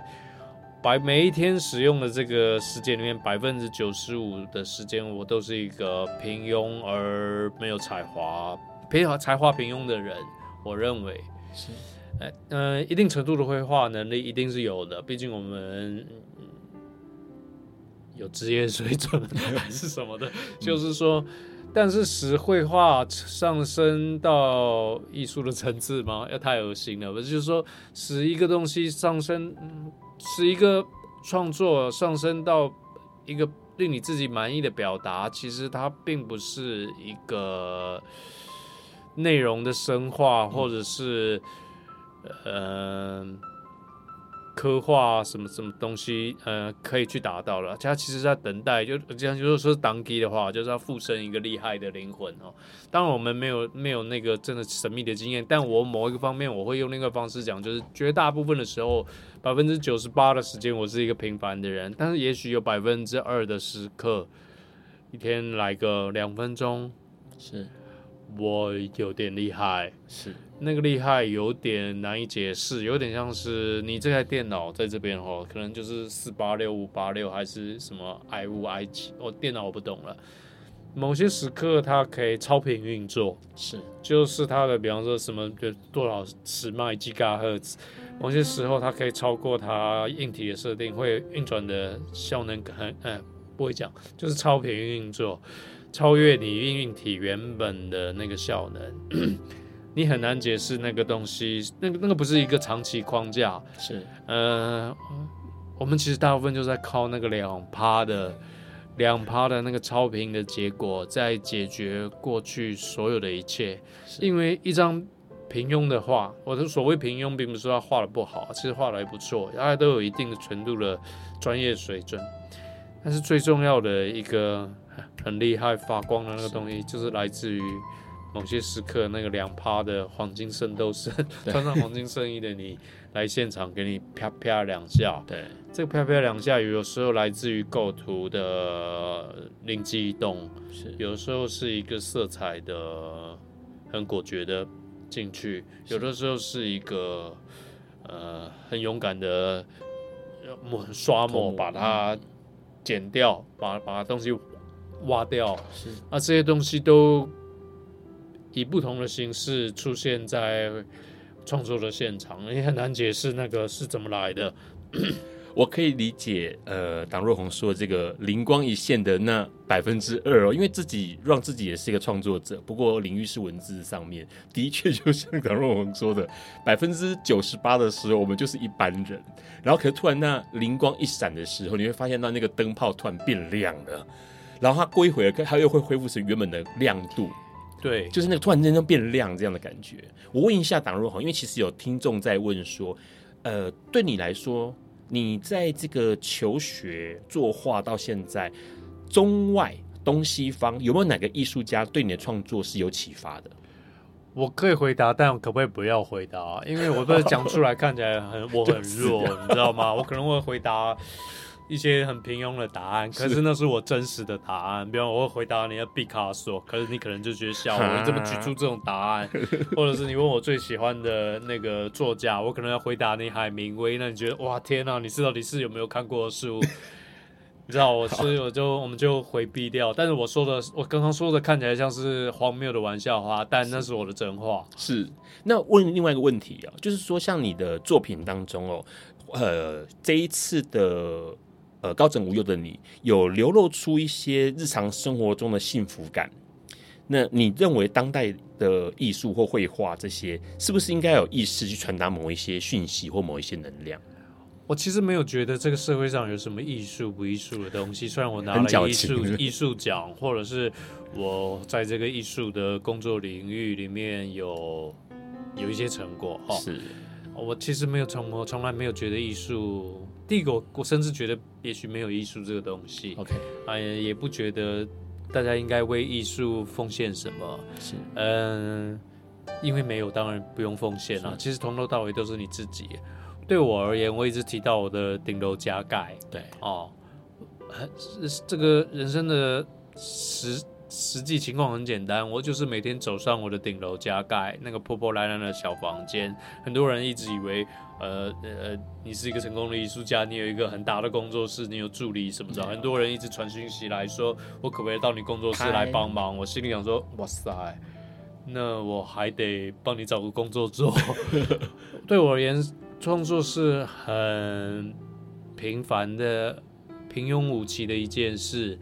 白每一天使用的這個時間裡面95，百分之九十五的時間，我都是一個平庸而沒有才華、平才華平庸的人。我認為哎，嗯，一定程度的繪畫能力一定是有的，畢竟我們有職業水準還是什麼的，就是說，但是使繪畫上升到藝術的層次嗎？要太噁心了，不是就是說使一個東西上升。嗯。是一個創作上升到一個令你自己滿意的表達，其實它並不是一個內容的深化，或者是，嗯。呃科幻什麼什麼東西，呃，可以去達到了。他其實，在等待，就這樣，如果說，當機的話，就是要附身一個厲害的靈魂哦。當然，我們沒有沒有那個真的神秘的經驗。但我某一個方面，我會用另一個方式講，就是絕大部分的時候98，百分之九十八的時間，我是一個平凡的人。但是也，也許有百分之二的時刻，一天來個兩分鐘，是我有點厲害。是。那個厲害有點難以解釋，有點像是你這台電腦在這邊哈、哦，可能就是四八六五八六還是什麼 i 五 i 七、哦、我電腦我不懂了。某些時刻它可以超頻運作，是，就是它的比方說什麼就多少時脈 Gigahertz，某些時候它可以超過它硬體的設定，會運轉的效能很，嗯、哎，不會講，就是超頻運作，超越你硬運運體原本的那個效能。 你很難解釋那個東西，那個那個不是一個長期框架，是呃，我們其實大部分就在靠那個兩趴的，兩趴的那個超頻的結果在解決過去所有的一切是，因為一張平庸的畫，我的所謂平庸並不是說他畫的不好，啊，其實畫的還不錯，大家都有一定的程度的專業水準，但是最重要的一個很厲害發光的那個東西是就是來自於。某些時刻，那個兩趴的黃金聖鬥士，穿上黃金聖衣的你 來現場，給你啪啪兩下。對，這個啪啪兩下，有時候來自於構圖的靈機一動，是；有時候是一個色彩的很果決的進去，有的時候是一個呃很勇敢的抹刷抹，把它剪掉，嗯、把把東西挖掉。是啊，這些東西都以不同的形式出現在創作的現場，也很難解釋那個是怎麼來的 。我可以理解，呃，黨若洪說的這個靈光一現的那百分之二哦，因為自己讓自己也是一個創作者。不過領域是文字上面，的確就像黨若洪說的，百分之九十八的時候，我們就是一般人。然後，可是突然那靈光一閃的時候，你會發現到那個燈泡突然變亮了。然後它過一會兒，它又會恢復成原本的亮度。對，就是那個突然間就變亮這樣的感覺。我問一下黨若洪，因為其實有聽眾在問說，呃，對你來說，你在這個求學、作畫到現在，中外東西方有沒有哪個藝術家對你的創作是有啟發的？我可以回答，但我可不可以不要回答？因為我不是講出來看起來很，我、 就是、很弱，你知道嗎？ 我可能會回答。一些很平庸的答案，可是那是我真實的答案。比方我會回答你的畢卡索，可是你可能就覺得笑我怎麼舉出這種答案，或者是你問我最喜歡的那個作家，我可能要回答你海明威，那你覺得哇天吶，啊，你是到底是有沒有看過的書？ 你知道我所以我就我們就迴避掉。但是我說的，我剛剛說的看起來像是荒謬的玩笑話，但那是我的真話。是，是那問另外一個問題啊，就是說像你的作品當中哦，呃，這一次的。呃，高枕無憂的你有流露出一些日常生活中的幸福感。那你認為當代的藝術或繪畫這些，是不是應該有意識去傳達某一些訊息或某一些能量？我其實沒有覺得這個社會上有什麼藝術不藝術的東西。雖然我拿了藝術藝術獎，或者是我在這個藝術的工作領域裡面有有一些成果哦。是哦，我其實沒有從我從來沒有覺得藝術。我，我甚至覺得，也許沒有藝術這個東西。OK，啊，也不覺得大家應該為藝術奉獻什麼。是，嗯，因為沒有，當然不用奉獻了。其實從頭到尾都是你自己。對我而言，我一直提到我的頂樓加蓋。對，哦，很這個人生的實實際情況很簡單，我就是每天走上我的頂樓加蓋那個破破爛爛的小房間。很多人一直以為。呃呃，你是一個成功的藝術家，你有一個很大的工作室，你有助理什麼的，很多人一直傳訊息來說，我可不可以到你工作室來幫忙？Hi. 我心裡想說，哇塞，那我還得幫你找個工作做。 對我而言，創作是很平凡的、平庸無奇的一件事，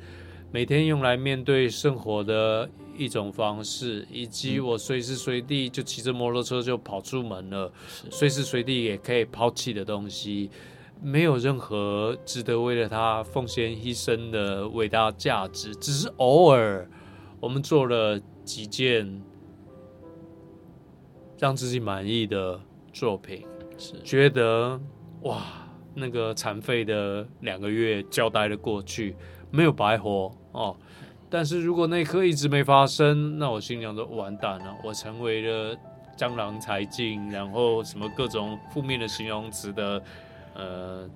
每天用來面對生活的。一種方式，以及我隨時隨地就騎着摩托車就跑出門了，嗯、隨時隨地也可以拋棄的東西，沒有任何值得為了它奉獻一生的偉大價值。只是偶爾我們做了幾件讓自己滿意的作品，覺得哇，那個殘廢的兩個月交代了過去，沒有白活哦。但是如果那一刻一直沒發生，那我心想都完蛋了，我成為了江郎才盡，然後什麼各種負面的形容詞的呃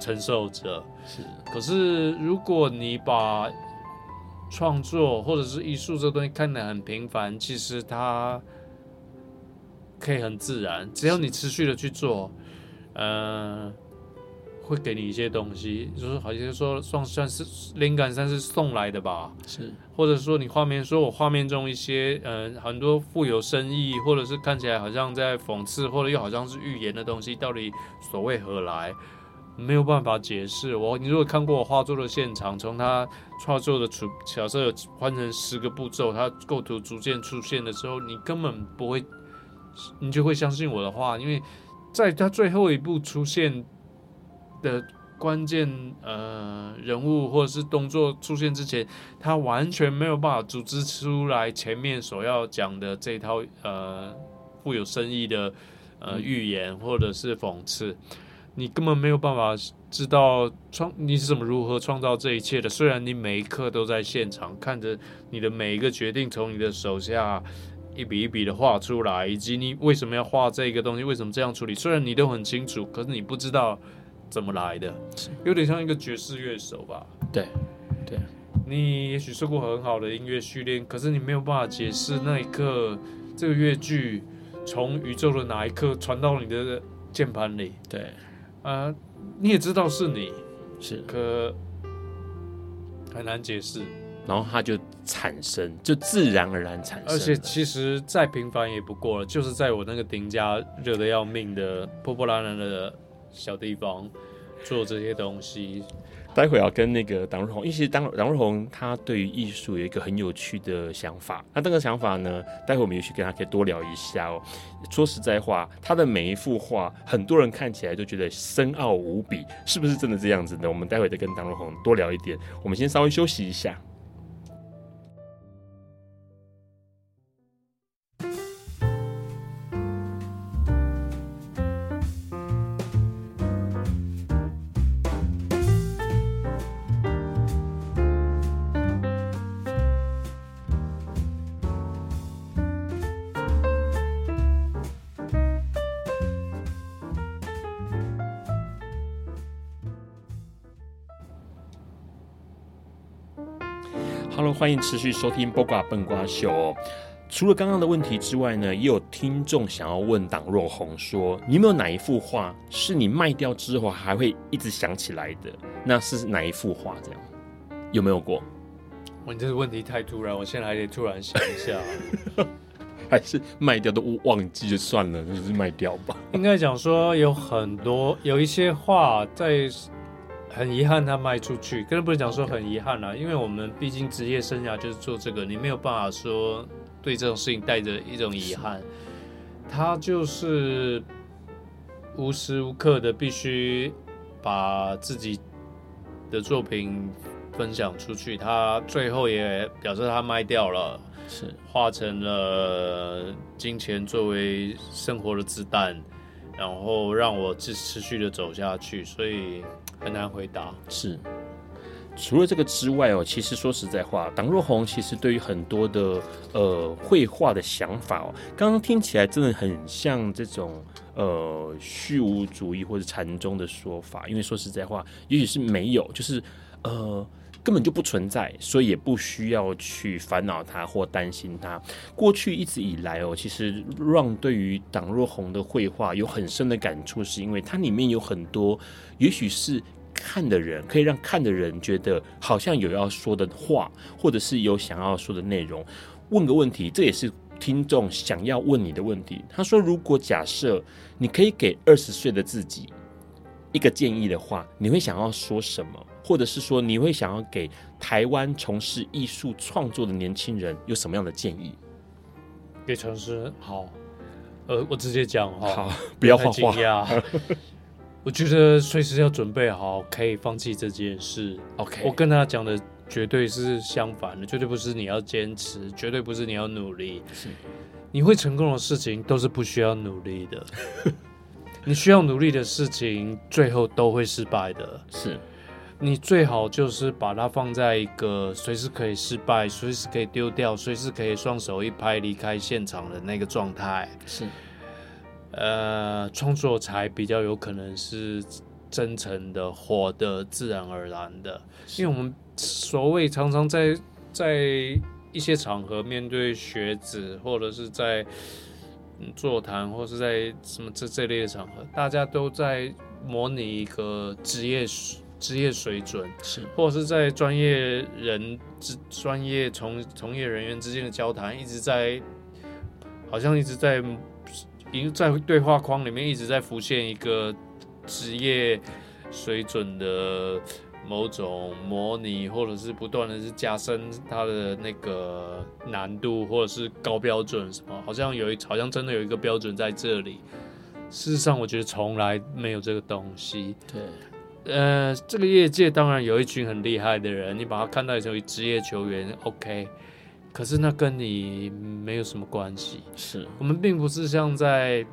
承受者。是。可是如果你把創作或者是藝術這東西看得很平凡，其實它可以很自然，只要你持續的去做，嗯。呃會給你一些東西，就是好像說算算是靈感，算是送來的吧，是，或者說你畫面說我畫面中一些嗯、呃、很多富有深意，或者是看起來好像在諷刺，或者又好像是預言的東西，到底所為何來？沒有辦法解釋。我你如果看過我畫作的現場，從他創作的出角色有換成十個步驟，他構圖逐漸出現的時候，你根本不會，你就會相信我的話，因為在他最後一步出現。的關鍵呃人物或者是動作出現之前，他完全沒有辦法組織出來前面所要講的這套呃富有深意的呃寓言或者是諷刺，你根本沒有辦法知道創你是怎麼如何創造這一切的。雖然你每一刻都在現場看着你的每一個決定從你的手下一筆一筆的畫出來，以及你為什麼要畫這個東西，為什麼這樣處理，雖然你都很清楚，可是你不知道，怎麼來的？有點像一個爵士樂手吧。對，對，你也許受過很好的音樂訓練，可是你沒有辦法解釋那一刻這個樂句從宇宙的哪一刻傳到你的鍵盤裡。對，啊、呃，你也知道是你，是，可很難解釋。然後它就產生，就自然而然產生。而且其實再平凡也不過了，就是在我那個頂加熱得要命的破破爛爛的。小地方做這些東西，待會要、啊、跟那個黨若洪。因為其實黨黨若洪他對於藝術有一個很有趣的想法，那這個想法呢，待會兒我們也許跟他可以多聊一下哦、喔。說實在話，他的每一幅畫，很多人看起來都覺得深奧無比，是不是真的這樣子呢？我們待會兒再跟黨若洪多聊一點。我們先稍微休息一下。歡迎持續收聽《布瓜笨瓜秀》哦。除了剛剛的問題之外呢，也有聽眾想要問黨若洪說：“你有沒有哪一幅畫是你賣掉之後還會一直想起來的？那是哪一幅畫？這樣有沒有過？”問這個問題太突然，我現在還得突然想一下。 還是賣掉都忘記就算了，就是賣掉吧。應該講說有很多有一些畫在。很遺憾，他賣出去。根本不是講說很遺憾啦，因為我們畢竟職業生涯就是做這個，你沒有辦法說對這種事情帶着一種遺憾。他就是無時無刻的必須把自己的作品分享出去。他最後也表示他賣掉了，是化成了金錢作為生活的子彈。然後讓我持持續的走下去，所以很難回答。是，除了這個之外哦，其實說實在話，黨若洪其實對於很多的呃繪畫的想法哦，剛剛聽起來真的很像這種呃虛無主義或者禪宗的說法。因為說實在話，也許是沒有，就是呃。根本就不存在，所以也不需要去煩惱它或擔心它。過去一直以來哦，其實 Ron 對於黨若洪的繪畫有很深的感觸，是因為它裡面有很多，也許是看的人可以讓看的人覺得好像有要說的話，或者是有想要說的內容。問個問題，這也是聽眾想要問你的問題。他說：“如果假設你可以給二十歲的自己。”一個建議的話，你會想要說什麼？或者是說，你會想要給台灣從事藝術創作的年輕人有什麼樣的建議？給從事好，呃，我直接講哈，不要放棄。太 我覺得隨時要準備好可以放棄這件事。OK，我跟他講的絕對是相反的，絕對不是你要堅持，絕對不是你要努力。是、嗯，你會成功的事情都是不需要努力的。 你需要努力的事情，最後都會失敗的。是，你最好就是把它放在一個隨時可以失敗、隨時可以丟掉、隨時可以雙手一拍離開現場的那個狀態。是，呃，創作才比較有可能是真誠的、活的、自然而然的。因為我們所謂常常在在一些場合面對學子，或者是在，座談或是在什麼這這類的場合，大家都在模擬一個職業職業水準，是，或者是在專業人之專業從從業人員之間的交談，一直在好像一直在一在對話框裡面一直在浮現一個職業水準的。某種模擬，或者是不斷的是加深它的那個難度，或者是高標準什麼，好像有一，好像真的有一個標準在這裡。事實上，我覺得從來沒有這個東西。對，呃，這個業界當然有一群很厲害的人，你把他看待成為職業球員，OK，可是那跟你沒有什麼關係。是，我們並不是像在。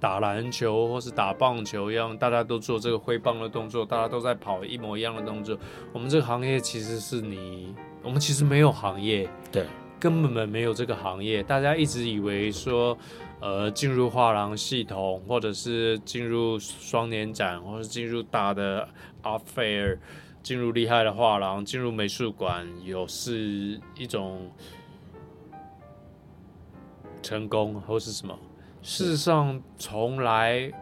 打籃球或是打棒球一樣，大家都做這個揮棒的動作，大家都在跑一模一樣的動作。我們這個行業其實是你，我們其實沒有行業，對，根本沒沒有這個行業。大家一直以為說，呃，進入畫廊系統，或者是進入雙年展，或者是進入大的 art fair，進入厲害的畫廊，進入美術館，有是一種成功，或是什麼？事實上，從來，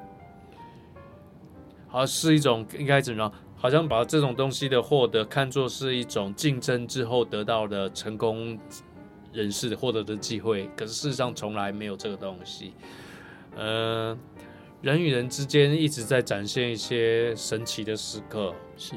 而是一種應該怎麼樣？好像把這種東西的獲得看作是一種競爭之後得到的成功人士獲得的機會。可是事實上，從來沒有這個東西。呃，人與人之間一直在展現一些神奇的時刻。是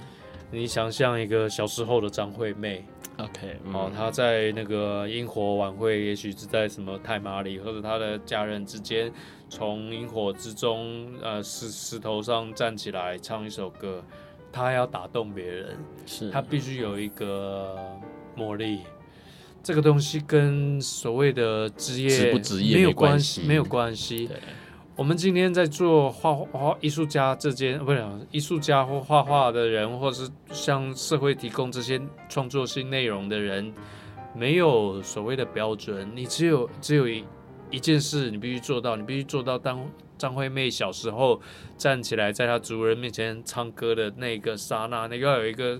你想象一個小時候的張惠妹。OK，、嗯、哦，他在那個營火晚會，也許是在什麼太麻里，或者他的家人之間，從營火之中，呃，石石頭上站起來唱一首歌，他要打動別人，是他必須有一個魔力，嗯，這個東西跟所謂的職業職不職業沒有關係，沒有關係。我們今天在做畫畫藝術家之間，不是藝術家或畫畫的人，或是向社會提供這些創作性內容的人，沒有所謂的標準。你只有只有一，一件事，你必須做到，你必須做到當張惠妹小時候站起來在她族人面前唱歌的那個剎那，那個有一個。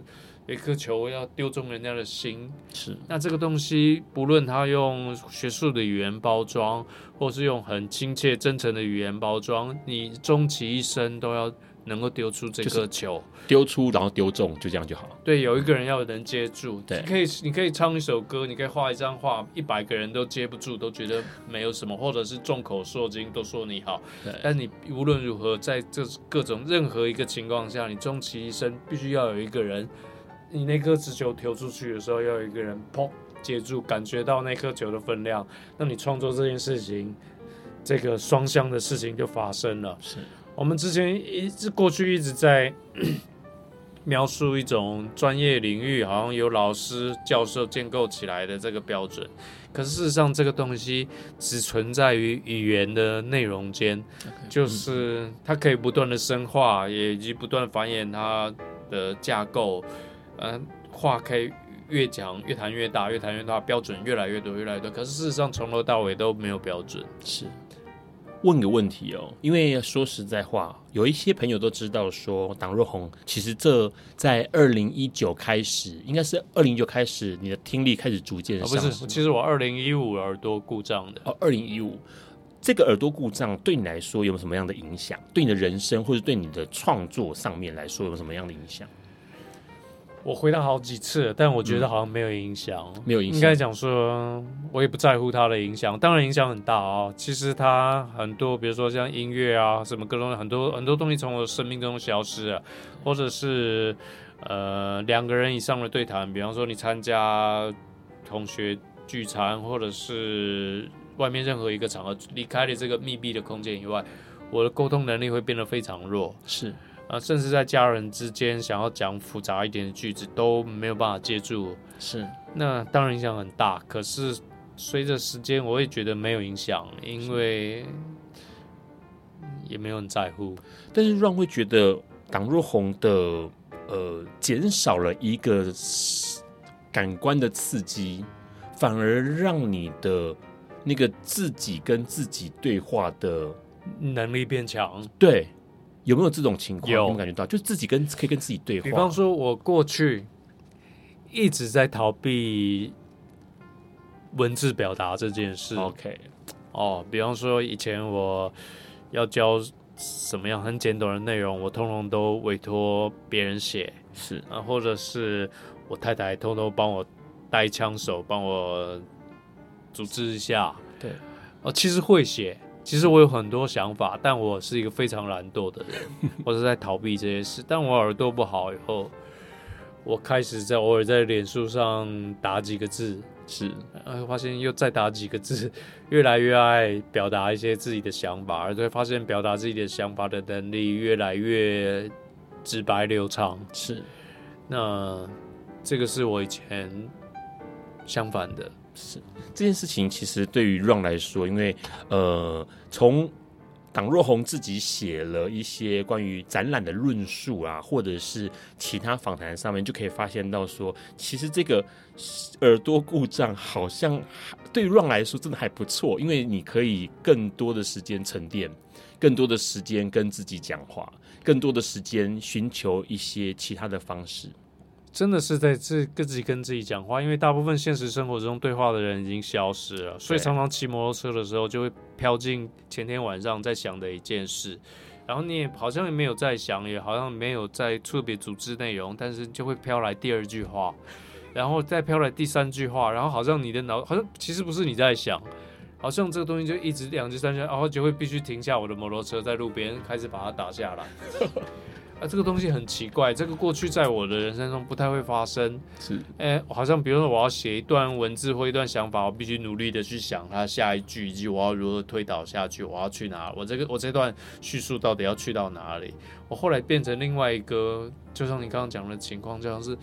一顆球要丟中人家的心，是那這個東西，不論他用學術的語言包裝，或是用很親切真誠的語言包裝，你終其一生都要能夠丟出這顆球，丟出、就是、丟出然後丟中，就這樣就好。對，有一個人要能接住。對，可以，你可以唱一首歌，你可以畫一張畫，一百個人都接不住，都覺得沒有什麼，或者是眾口鑠金，都說你好。對，但你無論如何，在這各種任何一個情況下，你終其一生必須要有一個人。你那顆直球投出去的時候，要有一個人砰接住，感覺到那顆球的分量。那你創作這件事情，這個雙向的事情就發生了。是我們之前一直過去一直在咳咳描述一種專業領域，好像有老師教授建構起來的這個標準。可是事實上，這個東西只存在於語言的內容間，Okay, 就是它可以不斷的深化、嗯，也以及不斷繁衍它的架構。嗯、啊，話可以越講越談越大，越談越大，標準越來越多，越來越多。可是事實上，從頭到尾都沒有標準。是，問個問題哦，因為說實在話，有一些朋友都知道說，黨若洪其實這在二零一九開始，應該是二零一九開始，你的聽力開始逐漸、哦、不是。其實我二零一五耳朵故障的。哦，二零一五這個耳朵故障對你來說有，沒有什麼樣的影響？對你的人生或者對你的創作上面來說有，有什麼樣的影響？我回答好幾次，但我覺得好像沒有影響。嗯，沒有影響。應該講說，我也不在乎他的影響。當然影響很大啊，哦。其實他很多，比如說像音樂啊，什麼各種很多很多東西從我的生命中消失了。或者是呃兩個人以上的對談，比方說你參加同學聚餐，或者是外面任何一個場合，離開了這個密閉的空間以外，我的溝通能力會變得非常弱。是。啊，甚至在家人之間想要講複雜一點的句子都沒有辦法接住。是，那當然影響很大。可是隨着時間，我也覺得沒有影響，因為也沒有很在乎。但是讓會覺得，黨若洪的呃，減少了一個感官的刺激，反而讓你的那個自己跟自己對話的能力變強，對。有沒有這種情況？有，有沒有感覺到就自己跟可以跟自己對話。比方說，我過去一直在逃避文字表達這件事。OK，哦，比方說以前我要交什麼樣很簡短的內容，我通通都委托別人寫。是啊，或者是我太太偷偷幫我帶槍手，幫我組織一下。對，我、哦、其實會寫。其實我有很多想法，但我是一個非常懶惰的人， 我是在逃避這些事。但我耳朵不好以後，我開始在偶爾在臉書上打幾個字，是，發現又再打幾個字，越來越愛表達一些自己的想法，而且發現表達自己的想法的能力越來越直白流暢。是，那這個是我以前相反的。是這件事情，其實對於 Ron 來說，因為呃，從黨若洪自己寫了一些關於展覽的論述啊，或者是其他訪談上面，就可以發現到說，其實這個耳朵故障好像對於 Ron 來說真的還不錯，因為你可以更多的時間沉澱，更多的時間跟自己講話，更多的時間尋求一些其他的方式。真的是在自跟自己跟自己講話，因為大部分現實生活中對話的人已經消失了，所以常常騎摩托車的時候就會飄進前天晚上在想的一件事，然後你也好像也沒有在想，也好像沒有在特別組織內容，但是就會飄來第二句話，然後再飄來第三句話，然後好像你的腦好像其實不是你在想，好像這個東西就一直兩句三句，然、啊、後就會必須停下我的摩托車在路邊開始把它打下來。 啊，這個東西很奇怪，這個過去在我的人生中不太會發生。是，誒、欸，我好像比如說我要寫一段文字或一段想法，我必須努力的去想它下一句，以及我要如何推導下去，我要去哪，我這個我這段敘述到底要去到哪裡？我後來變成另外一個，就像你剛剛講的情況，就像是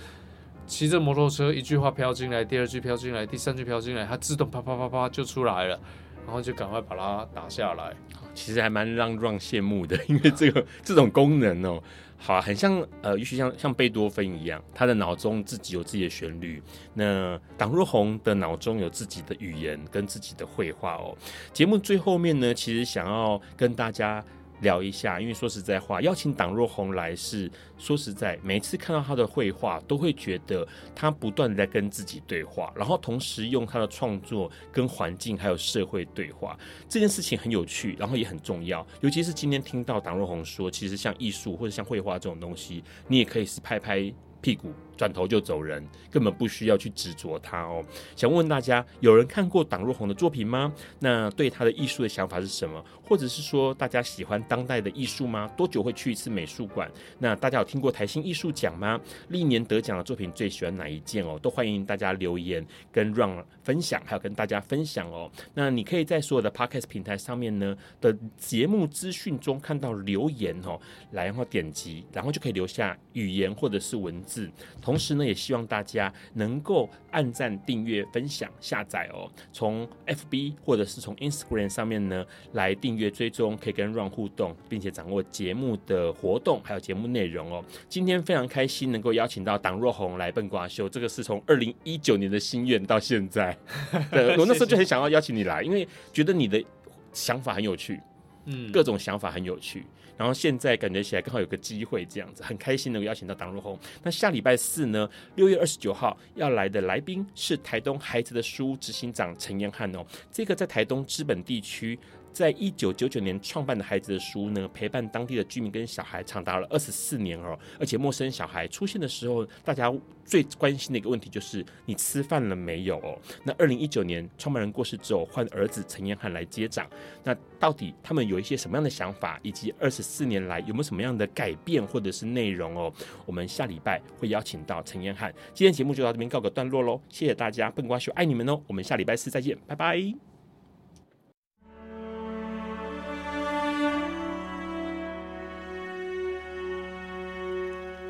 騎着摩托車，一句話飄進來，第二句飄進來，第三句飄進來，它自動啪啪啪啪就出來了，然後就趕快把它打下來。其實還蠻讓讓人羨慕的，因為這個、啊、這種功能哦。好啊，很像呃，也許像像貝多芬一樣，他的腦中自己有自己的旋律。那黨若洪的腦中有自己的語言跟自己的繪畫哦。節目最後面呢，其實想要跟大家。聊一下，因為說實在話，邀請黨若洪來是說實在，每次看到他的繪畫，都會覺得他不斷的在跟自己對話，然後同時用他的創作跟環境還有社會對話，這件事情很有趣，然後也很重要。尤其是今天聽到黨若洪說，其實像藝術或者像繪畫這種東西，你也可以是拍拍屁股。轉頭就走人，根本不需要去執着他哦。想問問大家，有人看過黨若洪的作品嗎？那對他的藝術的想法是什麼？或者是說，大家喜歡當代的藝術嗎？多久會去一次美術館？那大家有聽過台新藝術獎嗎？歷年得獎的作品最喜歡哪一件哦？都歡迎大家留言跟 Ron 分享，還有跟大家分享哦。那你可以在所有的 podcast 平台上面呢的節目資訊中看到留言哦，來然後點擊，然後就可以留下語言或者是文字。同時呢，也希望大家能夠按讚、訂閱、分享、下載哦。從 FB 或者是從 Instagram 上面呢，來訂閱、追蹤，可以跟 Ron 互動，並且掌握節目的活動還有節目內容哦。今天非常開心能夠邀請到黨若洪來笨瓜秀，這個是從二零一九年的心願到現在。 對，我那時候就很想要邀請你來，因為覺得你的想法很有趣，嗯，各種想法很有趣。嗯然後現在感覺起來剛好有個機會這樣子，很開心能夠邀請到黨若洪。那下禮拜四呢，六月二十九號要來的來賓是台東孩子的書執行長陳彥翰哦，這個在台東知本地區。在一九九九年創辦的孩子的書呢，陪伴當地的居民跟小孩長達了二十四年哦。而且陌生小孩出現的時候，大家最關心的一個問題就是你吃飯了沒有？哦，那二零一九年創辦人過世之後，換兒子陳彥翰來接掌。那到底他們有一些什麼樣的想法，以及二十四年來有沒有什麼樣的改變或者是內容哦？我們下禮拜會邀請到陳彥翰。今天節目就到這邊告個段落嘍，謝謝大家，笨瓜秀愛你們哦。我們下禮拜四再見，拜拜。